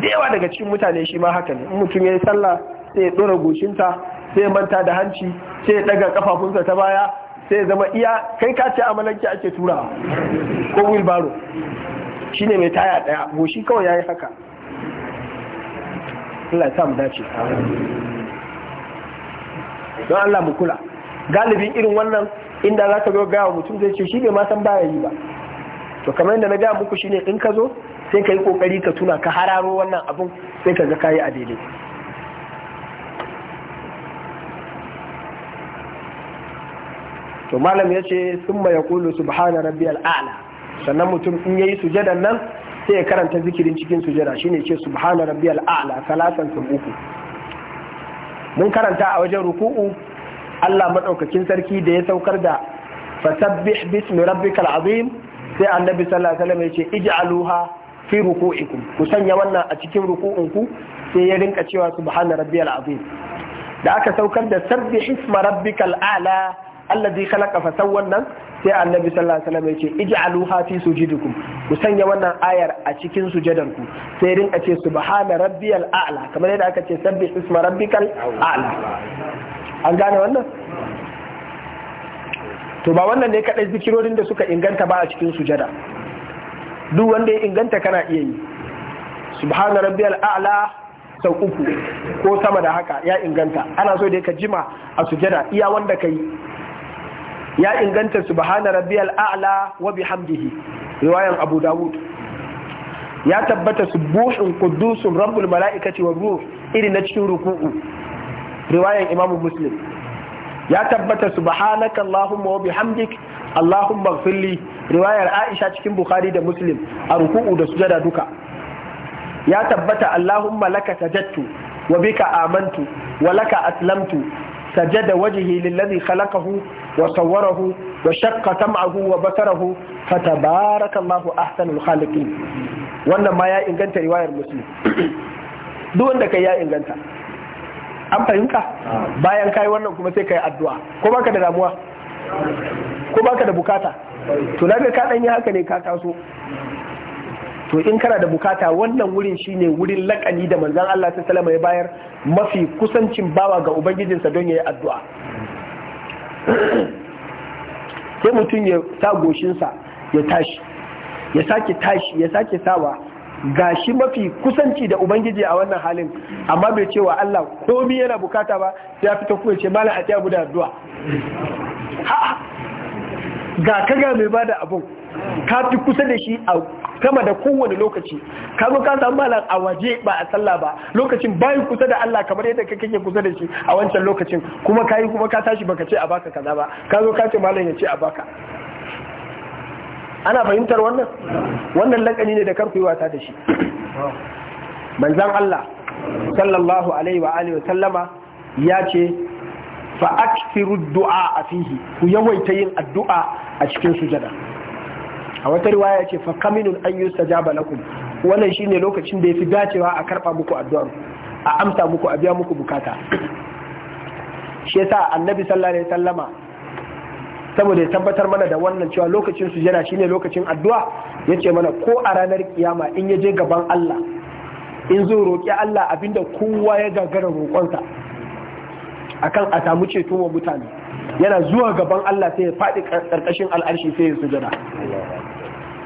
da yawa daga cikin mutane shi ma haka ne in mutum ya yi sallah sai ya dora goshinta sai ya manta da hanci sai ya daga kafafunsa ta baya sai ya zama iya kai ka ce amalanki ake turawa ko wilbaro shine mai taya daya goshi kawai yayi haka Allah ya sa mu dace don Allah mu kula galibin irin wannan inda za ka zo gaya mutum zai ce shi ne matan baya yi ba to kamar yadda na gaya muku ne, in ka zo sai ka yi kokari ka tuna ka hararo wannan abun sai ka ga kayi a daidai to malam ya ce sun ya kulu subhana rabbi al'ala sannan mutum in yayi sujadan nan sai ya karanta zikirin cikin sujada shine ce subhana rabbiyal a'la salatan uku mun karanta a wajen ruku'u Allah madaukakin sarki da ya saukar da fasabbih bismi rabbikal azim sai annabi sallallahu alaihi wasallam ya ce ij'aluha fi ruku'ikum ku sanya wannan a cikin ruku'unku sai ya rinka cewa subhana rabbiyal azim da aka saukar da sabbih isma rabbikal a'la alladhi khalaqa fa sawwa wannan. sai annabi sallallahu alaihi wasallam yace ij'aluha fi sujudikum ku sanya wannan ayar a cikin sujadanku sai rinka ce subhana rabbiyal a'la kamar yadda aka ce sabbih isma rabbikal a'la an gane wannan to ba wannan ne kadai zikirorin da suka inganta ba a cikin sujada duk wanda ya inganta kana iya yi subhana rabbiyal a'la sau uku ko sama da haka ya inganta ana so da ka jima a sujada iya wanda ka yi ya inganta subhana rabbiyal a'la wa bihamdihi riwayan abu dawud ya tabbata subuhun quddusun rabbul mala'ikati wa ruh irin na cikin ruku'u riwayan imam muslim ya tabbata subhanaka allahumma wa bihamdik allahumma ighfirli riwayar aisha cikin bukhari da muslim a ruku'u da sujada duka ya tabbata allahumma laka sajadtu wa bika amantu wa laka aslamtu sajada wajhi lillazi khalaqahu وصوره وشق سمعه وبصره فتبارك الله احسن الخالقين wannan ma ya inganta riwayar muslim duk wanda kai ya inganta an fahimta bayan kai wannan kuma sai kai addu'a ko baka da damuwa ko baka da bukata to lafiya ka dan yi haka ne ka taso to in kana da bukata wannan wurin shine wurin lakani da manzon Allah sallallahu alaihi wasallam ya bayar mafi kusancin bawa ga ubangijinsa don yayi addu'a sai mutum ya sa goshinsa ya tashi ya sake tashi ya sake sawa gashi mafi kusanci da ubangiji a wannan halin amma bai cewa Allah komi yana bukata ba sai ya fita kuma ce mala a ta da addu'a ga kaga mai bada abun ka fi kusa da shi a sama da kowane lokaci ka zo ka samu malam a waje ba a sallah ba lokacin bayan kusa da Allah kamar yadda kake kusa da shi a wancan lokacin kuma ka yi kuma ka tashi baka ce a baka kaza ba ka zo ka ce malam ya ce a baka ana fahimtar wannan wannan lakani ne da karku yi wasa da shi manzan Allah sallallahu alaihi wa alihi wa sallama ya ce fa akthiru du'a fihi ku yawaita yin addu'a a cikin sujada a wata riwaya ce fa kaminun an yustajaba lakum wannan shine lokacin da ya fi dacewa a karba muku addu'ar a amsa muku a biya muku bukata shi yasa annabi sallallahu alaihi wasallama saboda ya tabbatar mana da wannan cewa lokacin su jira shine lokacin addu'a yace mana ko a ranar kiyama in ya je gaban Allah in zo roƙi Allah abinda kowa ya gagara roƙonsa akan a samu ceto wa mutane yana zuwa gaban Allah sai ya faɗi ƙarƙashin al'arshi sai ya sujada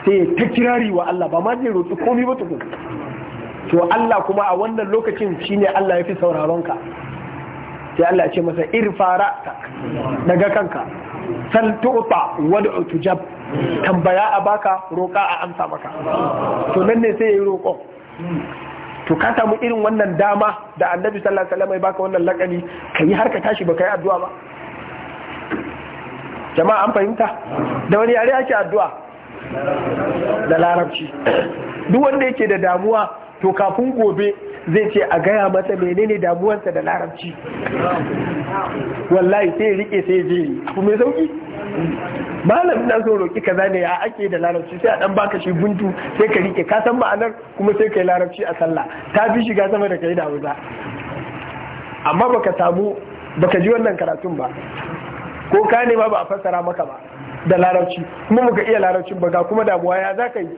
sai ta kirari wa Allah ba ma zai roƙi komai ba tukun to Allah kuma a wannan lokacin shine Allah ya fi sauraron ka sai Allah ya ce masa irfara daga kanka sal tu'ta wad'u tujab tambaya a baka roƙa a amsa maka to nan ne sai ya yi roƙon to ka samu irin wannan dama da annabi sallallahu alaihi wasallam ya baka wannan lakani kai har ka tashi baka yi addu'a ba jama'a an fahimta da wani yare ake addu'a da larabci duk wanda yake da damuwa to kafin gobe zai ce a gaya masa menene damuwarsa da larabci wallahi sai rike sai je ku mai sauki malam ina so roki kaza ne ya ake da larabci sai a dan baka shi buntu sai ka rike ka san ma'anar kuma sai kai larabci a sallah ta fi shiga sama da kai da wuza amma baka samu baka ji wannan karatun ba ko ka ne ma ba a fassara maka ba da larabci kuma muka iya larabcin ba ga kuma damuwa ya za ka yi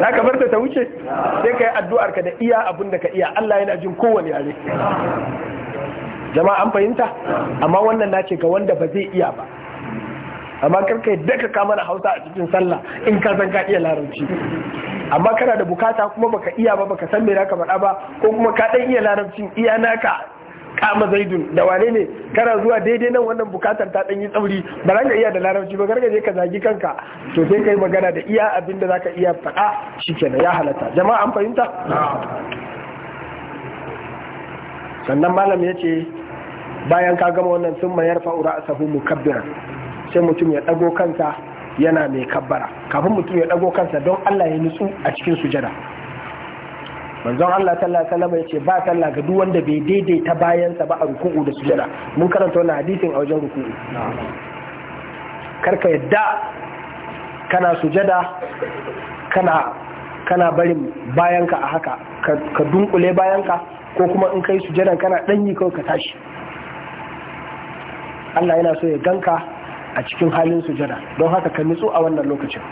za ka barta ta wuce sai ka yi addu'ar ka da iya abin da ka iya Allah yana jin kowane yare jama’an an fahimta amma wannan na ce ga wanda ba zai iya ba amma karka yadda ka kama na hausa a cikin sallah in ka san ka iya larabci amma kana da bukata kuma baka iya ba baka san me raka ka faɗa ba ko kuma ka ɗan iya larabcin iya naka kama zaidun da wane ne kana zuwa daidai nan wannan bukatar ta ɗanyi tsauri ba za iya da larabci ba kar ka je ka zagi kanka to sai kai magana da iya abinda za ka iya faɗa shi kenan ya halatta jama'a an fahimta sannan malam ya ce bayan ka gama wannan sun mayar fa'ura a sahu mukabbiran sai mutum ya ɗago kansa yana mai kabbara kafin mutum ya ɗago kansa don Allah ya nutsu a cikin sujada manzon Allah sallallahu alaihi wasallam yace ba sallah ga duk wanda bai daidaita bayansa ba a ruku'u da sujada mun karanta wannan hadisin a wajen ruku'u karka yadda kana sujada kana kana barin bayanka a haka ka dunkule bayanka ko kuma in kai sujadan kana danyi kawai ka tashi Allah yana so ya ganka a cikin halin sujada don haka ka nutsu a wannan lokacin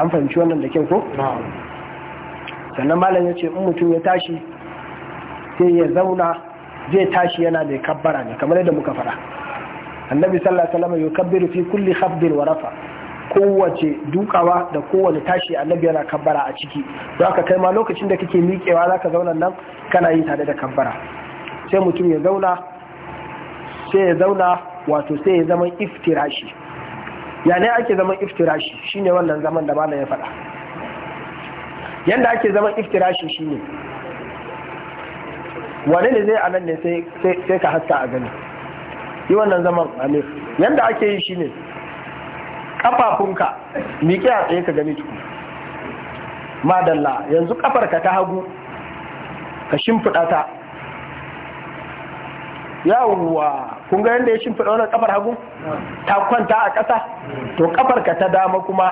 an fahimci wannan da kyau ko sannan malam ya ce in mutum ya tashi sai ya zauna zai tashi yana mai kabbara ne kamar yadda muka fara annabi sallallahu alaihi wasallam yukabbiru fi kulli khabdin wa rafa kowace dukawa da kowane tashi annabi yana kabbara a ciki don haka kai ma lokacin da kake miƙewa zaka zauna nan kana yi tare da kabbara sai mutum ya zauna sai ya zauna wato sai ya zama iftirashi ya ne ake zaman iftirashi shine wannan zaman da malam ya faɗa yanda ake zama iftirashi shine wane ne zai anan ne sai ka haska a gani yi wannan zaman ne yanda ake yi shine kafafunka miƙe a tsaye ka gani tuku madalla yanzu ka ta hagu ka shimfiɗa ta yawwa kun ga yadda ya shimfiɗa wannan kafar hagu ta kwanta a ƙasa to ka ta dama kuma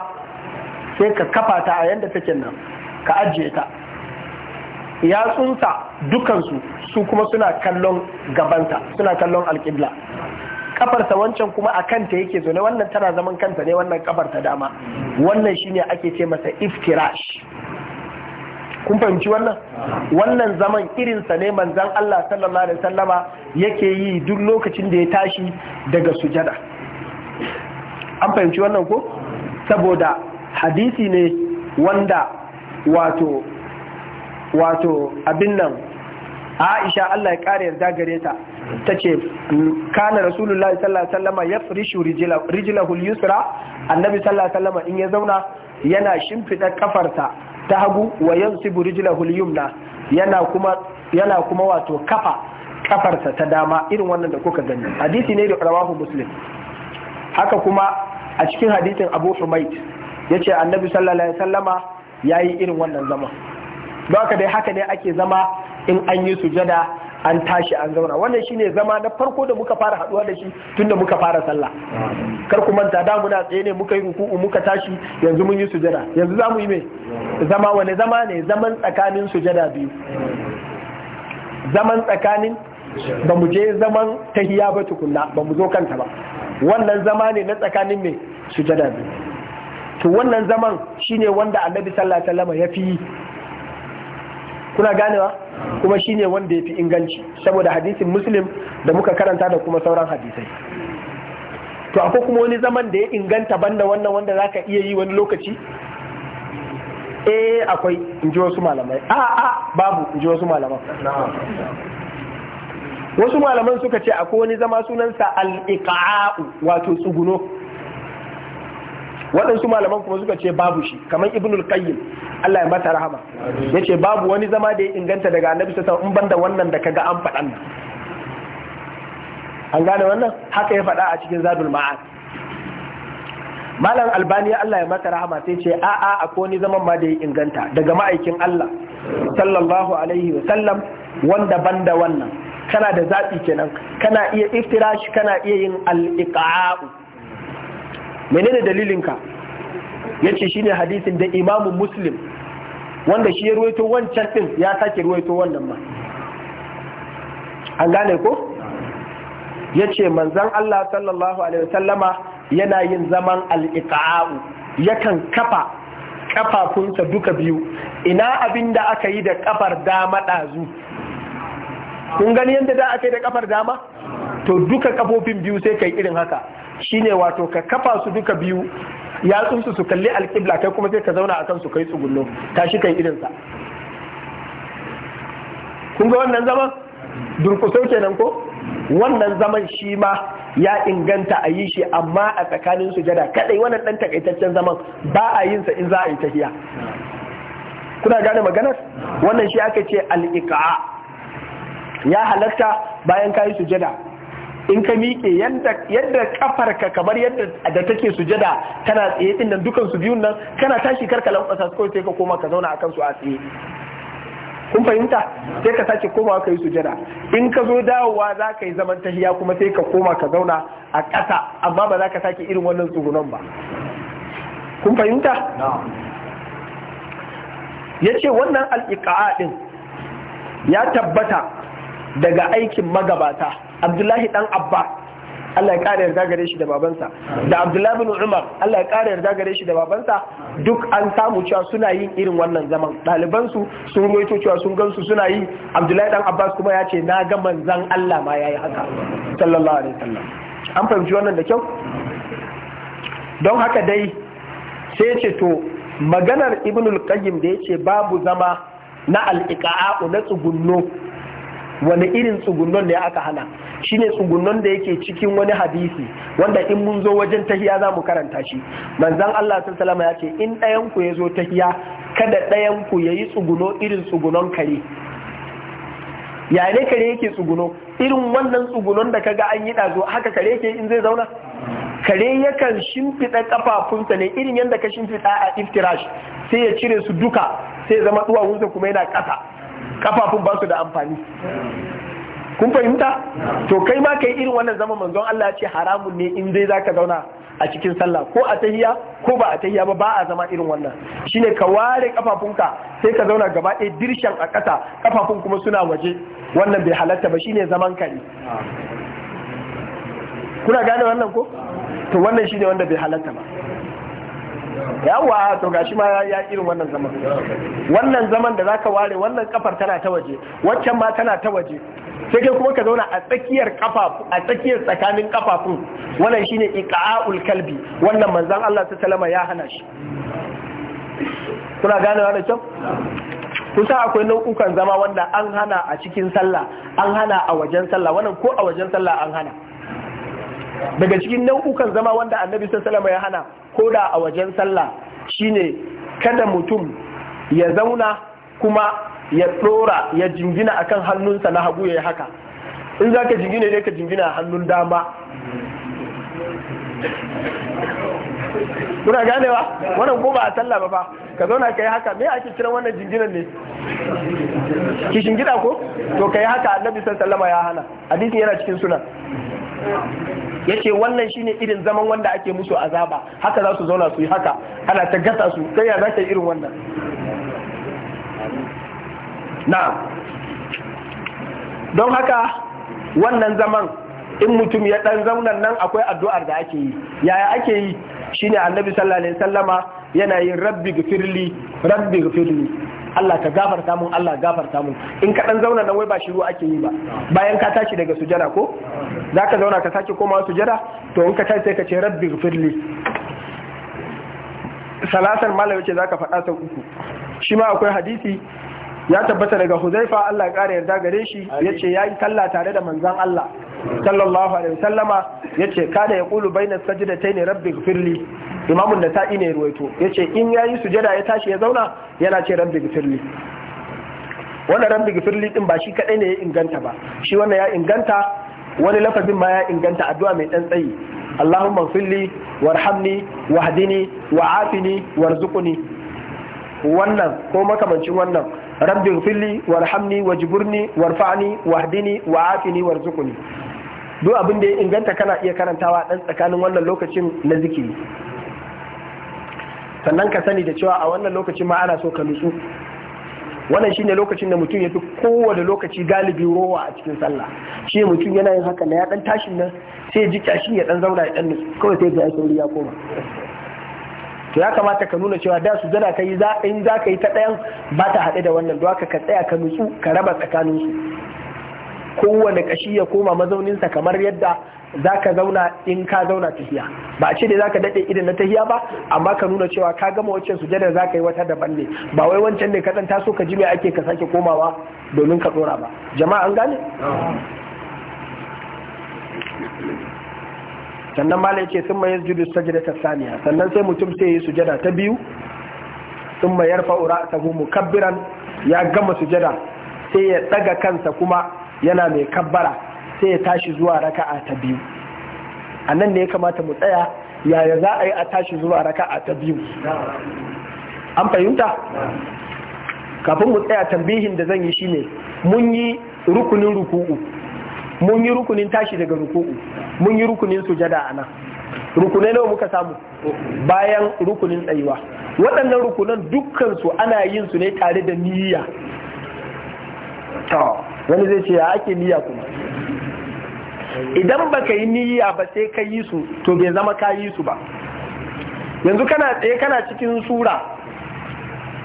sai ka kafa ta a yadda take nan ka ajiye ta yatsunsa dukansu su kuma suna kallon gabanta suna kallon alƙibla kafarsa wancan kuma a kanta yake zaune wannan tana zaman kanta ne wannan kafar dama wannan shine ake ce masa iftirash kun fahimci wannan wannan zaman irinsa ne manzan Allah sallallahu alaihi sallama yake yi duk lokacin da ya tashi daga sujada an fahimci wannan ko saboda hadisi ne wanda wato wato abin nan Aisha Allah ya kare yarda gare ta tace kana rasulullahi sallallahu alaihi wasallam yafrishu rijlahu al-yusra annabi sallallahu alaihi wasallam in ya zauna yana shimfida kafarsa ta hagu wa yansibu rijlahu al-yumna yana kuma yana kuma wato kafa kafarsa ta dama irin wannan da kuka gani hadisi ne da rawahu muslim haka kuma a cikin hadisin Abu Humayd yace annabi sallallahu alaihi wasallama ya yi irin wannan zama ba ka dai haka ne ake zama in an yi sujada an tashi an zauna wannan shine zama na farko da muka fara haduwa da shi tun da muka fara sallah kar ku manta da muna tsaye ne muka yi ruku'u muka tashi yanzu mun yi sujada yanzu za mu yi me zama wani zama ne zaman tsakanin sujada biyu zaman tsakanin ba mu je zaman tahiya ba tukunna ba mu zo kanta ba wannan zama ne na tsakanin me sujada biyu to wannan zaman shine wanda annabi sallallahu alaihi wasallam ya fi kuna ganewa kuma shine wanda ya fi inganci saboda hadisin muslim da muka karanta da kuma sauran hadisai to akwai kuma wani zaman da ya inganta banda wannan wanda zaka iya yi wani lokaci eh akwai in ji wasu malamai a ah, a ah, babu in ji wasu malaman wasu malaman suka ce akwai wani zama sunansa al-iqa'u wato tsuguno waɗansu malaman kuma suka ce babu shi kamar ibnul qayyim Allah ya mata rahama yace babu wani zama da ya inganta daga annabi sallallahu in banda wannan da kaga an faɗan an gane wannan haka ya faɗa a cikin zadul ma'ad malam Albaniya, Allah ya mata rahama sai ce a a akwai wani zaman ma da ya inganta daga ma'aikin Allah sallallahu alaihi wa sallam wanda banda wannan kana da zaɓi kenan kana iya iftirashi, kana iya yin al-iqa'u menene dalilinka ya ce shine hadisin da imamu muslim wanda shi ya ruwaito wancan din ya sake ruwaito wannan ma an gane ko ya ce manzan Allah sallallahu alaihi wasallama yana yin zaman al'iqa'u yakan kafa kafafunsa duka biyu ina abin da aka yi da kafar dama ɗazu kun gani yadda da aka yi da kafar dama to duka kafofin biyu sai kai irin haka shine wato ka kafa su duka biyu yatsunsu su kalli alƙibla kai kuma sai ka zauna kan su kai tsugunno tashi kai irinsa kun ga wannan zaman durkusau kenan ko wannan zaman shi ma ya inganta a yi shi amma a tsakanin sujada kadai wannan dan takaitaccen zaman ba a yin sa in za a yi tahiya kuna gane maganar wannan shi aka ce al ya halatta bayan kayi sujada in ka miƙe yadda kafarka kamar yadda da take sujada tana tsaye din nan dukansu biyun nan kana tashi karka lankwasa su kawai sai ka koma ka zauna a kansu a tsaye kun fahimta sai ka sake komawa ka yi sujada in ka zo dawowa za ka yi zaman tahiya kuma sai ka koma ka zauna a ƙasa amma ba za ka sake irin wannan tsugunan ba kun fahimta ya ce wannan al'iƙa'a ɗin ya tabbata daga aikin magabata abdullahi dan abba Allah ya ƙara yarda gare shi da babansa da Abdullahi bin Umar Allah ya ƙara yarda gare shi da babansa duk an samu cewa suna yin irin wannan zaman ɗaliban su sun ruwaito cewa sun gansu suna yi Abdullahi dan Abbas kuma ya ce na ga manzan Allah ma yayi haka sallallahu alaihi wasallam an fahimci wannan da kyau don haka dai sai ce to maganar Ibnul Qayyim da yace babu zama na al na tsugunno wani irin tsugunnon ne aka hana shine tsugunnon da yake cikin wani hadisi wanda in mun zo wajen tahiya za mu karanta shi manzon Allah sallallahu ya ce in ɗayanku ku ya zo tahiya kada ɗayan ku yi tsuguno irin tsugunon kare ya ne kare yake tsuguno irin wannan tsugunon da kaga an yi ɗazo haka kare yake in zai zauna kare yakan shimfiɗa kafafunsa ne irin yadda ka shimfiɗa a iftirash sai ya cire su duka sai zama duwawunsa kuma yana ƙasa kafafun ba su da amfani kun fahimta to kai ma kai irin wannan zama manzon Allah ya ce haramun ne in dai zaka zauna a cikin sallah ko a tahiya ko ba a tahiya ba ba a zama irin wannan shine ka ware kafafunka sai ka zauna gaba ɗaya dirshan a ƙasa kafafun kuma suna waje wannan bai halatta ba shine zaman kare kuna gane wannan ko to wannan shine wanda bai halatta ba yawa to gashi ma ya irin wannan zaman wannan zaman da zaka ware wannan kafar tana ta waje waccan ma tana ta waje sai kai kuma ka zauna a tsakiyar kafafu a tsakiyar tsakanin kafafun wannan shine iqa'ul kalbi wannan manzon Allah ta salama ya hana shi kuna gane wannan kyau kusa akwai nau'ukan zama wanda an hana a cikin sallah an hana a wajen sallah wannan ko a wajen sallah an hana daga cikin nau'ukan zama wanda annabi Sallama ya hana ko da a wajen sallah shine kada mutum ya zauna kuma ya tsora ya jingina akan hannunsa na hagu ya yi haka in za ka jingina ne ka jingina hannun dama kuna ganewa wannan ko ba a sallah ba fa ka zauna ka yi haka me ake kiran wannan jinginan ne ki shingida ko to ka yi haka annabi Sallama ya hana hadisin yana cikin sunan yace wannan shine irin zaman wanda ake musu azaba haka za su zauna su yi haka ana ta gasa su kai ya zaka irin wannan na don haka wannan zaman in mutum ya dan zaunan nan akwai addu'ar da ake yi yaya ake yi shine annabi sallallahu alaihi wasallama yana yin rabbi gfirli rabbi Allah ka gafarta mun Allah gafarta mun in ka dan zauna nan wai ba shiru ake yi ba bayan ka tashi daga sujada ko zaka zauna ka sake komawa sujada to in ka tashi sai ka ce rabbi ghfirli salasar malam yace zaka faɗa sau uku shi ma akwai hadisi ya tabbata daga huzaifa Allah ya kare yarda gare shi yace yayi talla tare da manzon Allah sallallahu alaihi wasallama yace kada ya ta baina sajdatayn rabbi da imamu nasa'i ne ruwaito ce in yayi sujada ya tashi ya zauna yana ce rabbi firli. wannan rabbi firli din ba shi kadai ne ya inganta ba shi wannan ya inganta wani lafazin ma ya inganta addu'a mai ɗan tsayi Allahumma ghfirli warhamni wahdini wa'afini warzuqni wannan ko makamancin wannan rabbi ghfirli warhamni wajburni warfa'ni wahdini wa'afini warzuqni duk abin da ya inganta kana iya karantawa dan tsakanin wannan lokacin na zikiri sannan ka sani da cewa a wannan lokacin ma ana so ka nutsu wannan shine lokacin da mutum ya fi kowane lokaci galibi rowa a cikin sallah shi mutum yana yin haka na ya dan tashin nan sai ya ji kashin ya ɗan zauna ya ɗan nutsu kawai sai ya sauri ya koma to ya kamata ka nuna cewa da sujada ka yi in za ka yi ta ɗayan ba ta haɗe da wannan don ka tsaya ka nutsu ka raba tsakanin su kowane ƙashi ya koma mazauninsa kamar yadda za ka zauna in ka zauna tahiya ba a ce da za ka daɗe idan na tahiya ba amma ka nuna cewa ka gama wacce waccan sujada za ka yi wata daban ne ba wai wancan ne ka ɗan taso ka ji me ake ka sake komawa domin ka ɗora ba jama'a an gane sannan malai ce sun mai yasjudu ta saniya sannan sai mutum sai yi sujada ta biyu sun mai yarfa ra'sahu mukabbiran ya gama sujada sai ya daga kansa kuma yana mai kabbara sai ya tashi zuwa raka'a ta biyu anan ne ya kamata mu tsaya yaya za a yi a tashi zuwa raka'a ta biyu an fahimta kafin mu tsaya tambihin da zan yi shi ne mun yi rukunin ruku'u mun yi rukunin tashi daga ruku'u mun yi rukunin sujada a nan rukunai nawa muka samu bayan rukunin tsayuwa waɗannan rukunan dukkansu ana yin su ne tare da niyya wani zai ce ya ake niyya kuma idan baka yi niyya ba sai ka yi su to bai zama ka yi su ba yanzu kana tsaye kana cikin sura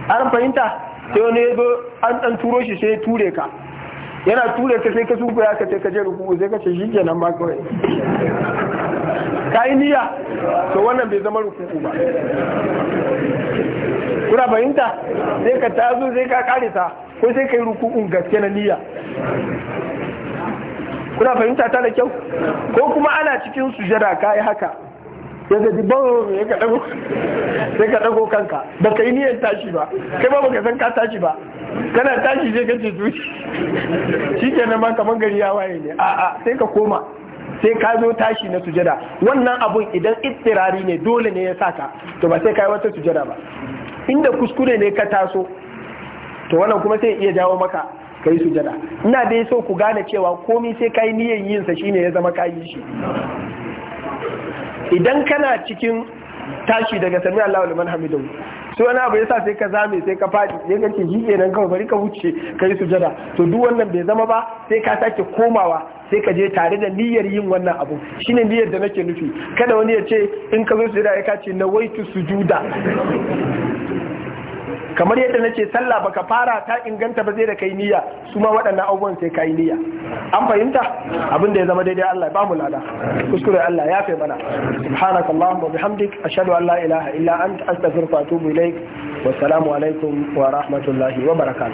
an fahimta sai wani an turo shi sai ture ka yana tura ka sai ka sufa ya ka ce ka je ruku sai ka ce shi kenan ba kawai ka yi niyya to wannan bai zama ruku ba kuna fahimta sai ka tazo sai ka kare ta ko sai ka yi ruku'un gaske na niyya kuna fahimta ta da kyau ko kuma ana cikin sujada ka yi haka ya gaji baro sai ka dago kanka ba yi niyyar tashi ba kai ba baka san ka tashi ba kana tashi sai ka ce tushi shikenan ma ka gari ya waye ne a'a sai ka koma sai ka zo tashi na sujada wannan abun idan ittirari ne dole ne ya saka to ba sai ka yi wata sujada ba inda kuskure ne ka taso to wannan kuma sai iya jawo maka ka yi sujada ina dai so ku gane cewa komi sai ka yi niyyar yinsa shine ya zama ka yi shi idan kana cikin tashi daga sami allah wa liman hamidun su wani abu sa sai ka zame sai ka fadi ya ganke shi nan kawai bari ka wuce ka yi sujada to duk wannan bai zama ba sai ka sake komawa sai ka je tare da niyyar yin wannan abu shine niyyar da nake nufi kada wani ya ce in ka zo sujada ya kace na waitu sujuda kamar yadda nace sallah baka fara ta inganta ba zai da kai niyya su ma waɗannan abubuwan sai kai niyya an fahimta abin da ya zama daidai Allah ba mu lada kuskure Allah ya fe mana subhanaka allahumma bihamdik ashhadu an la ilaha illa anta astaghfiruka wa atubu ilaik wa alaikum wa rahmatullahi wa barakatuh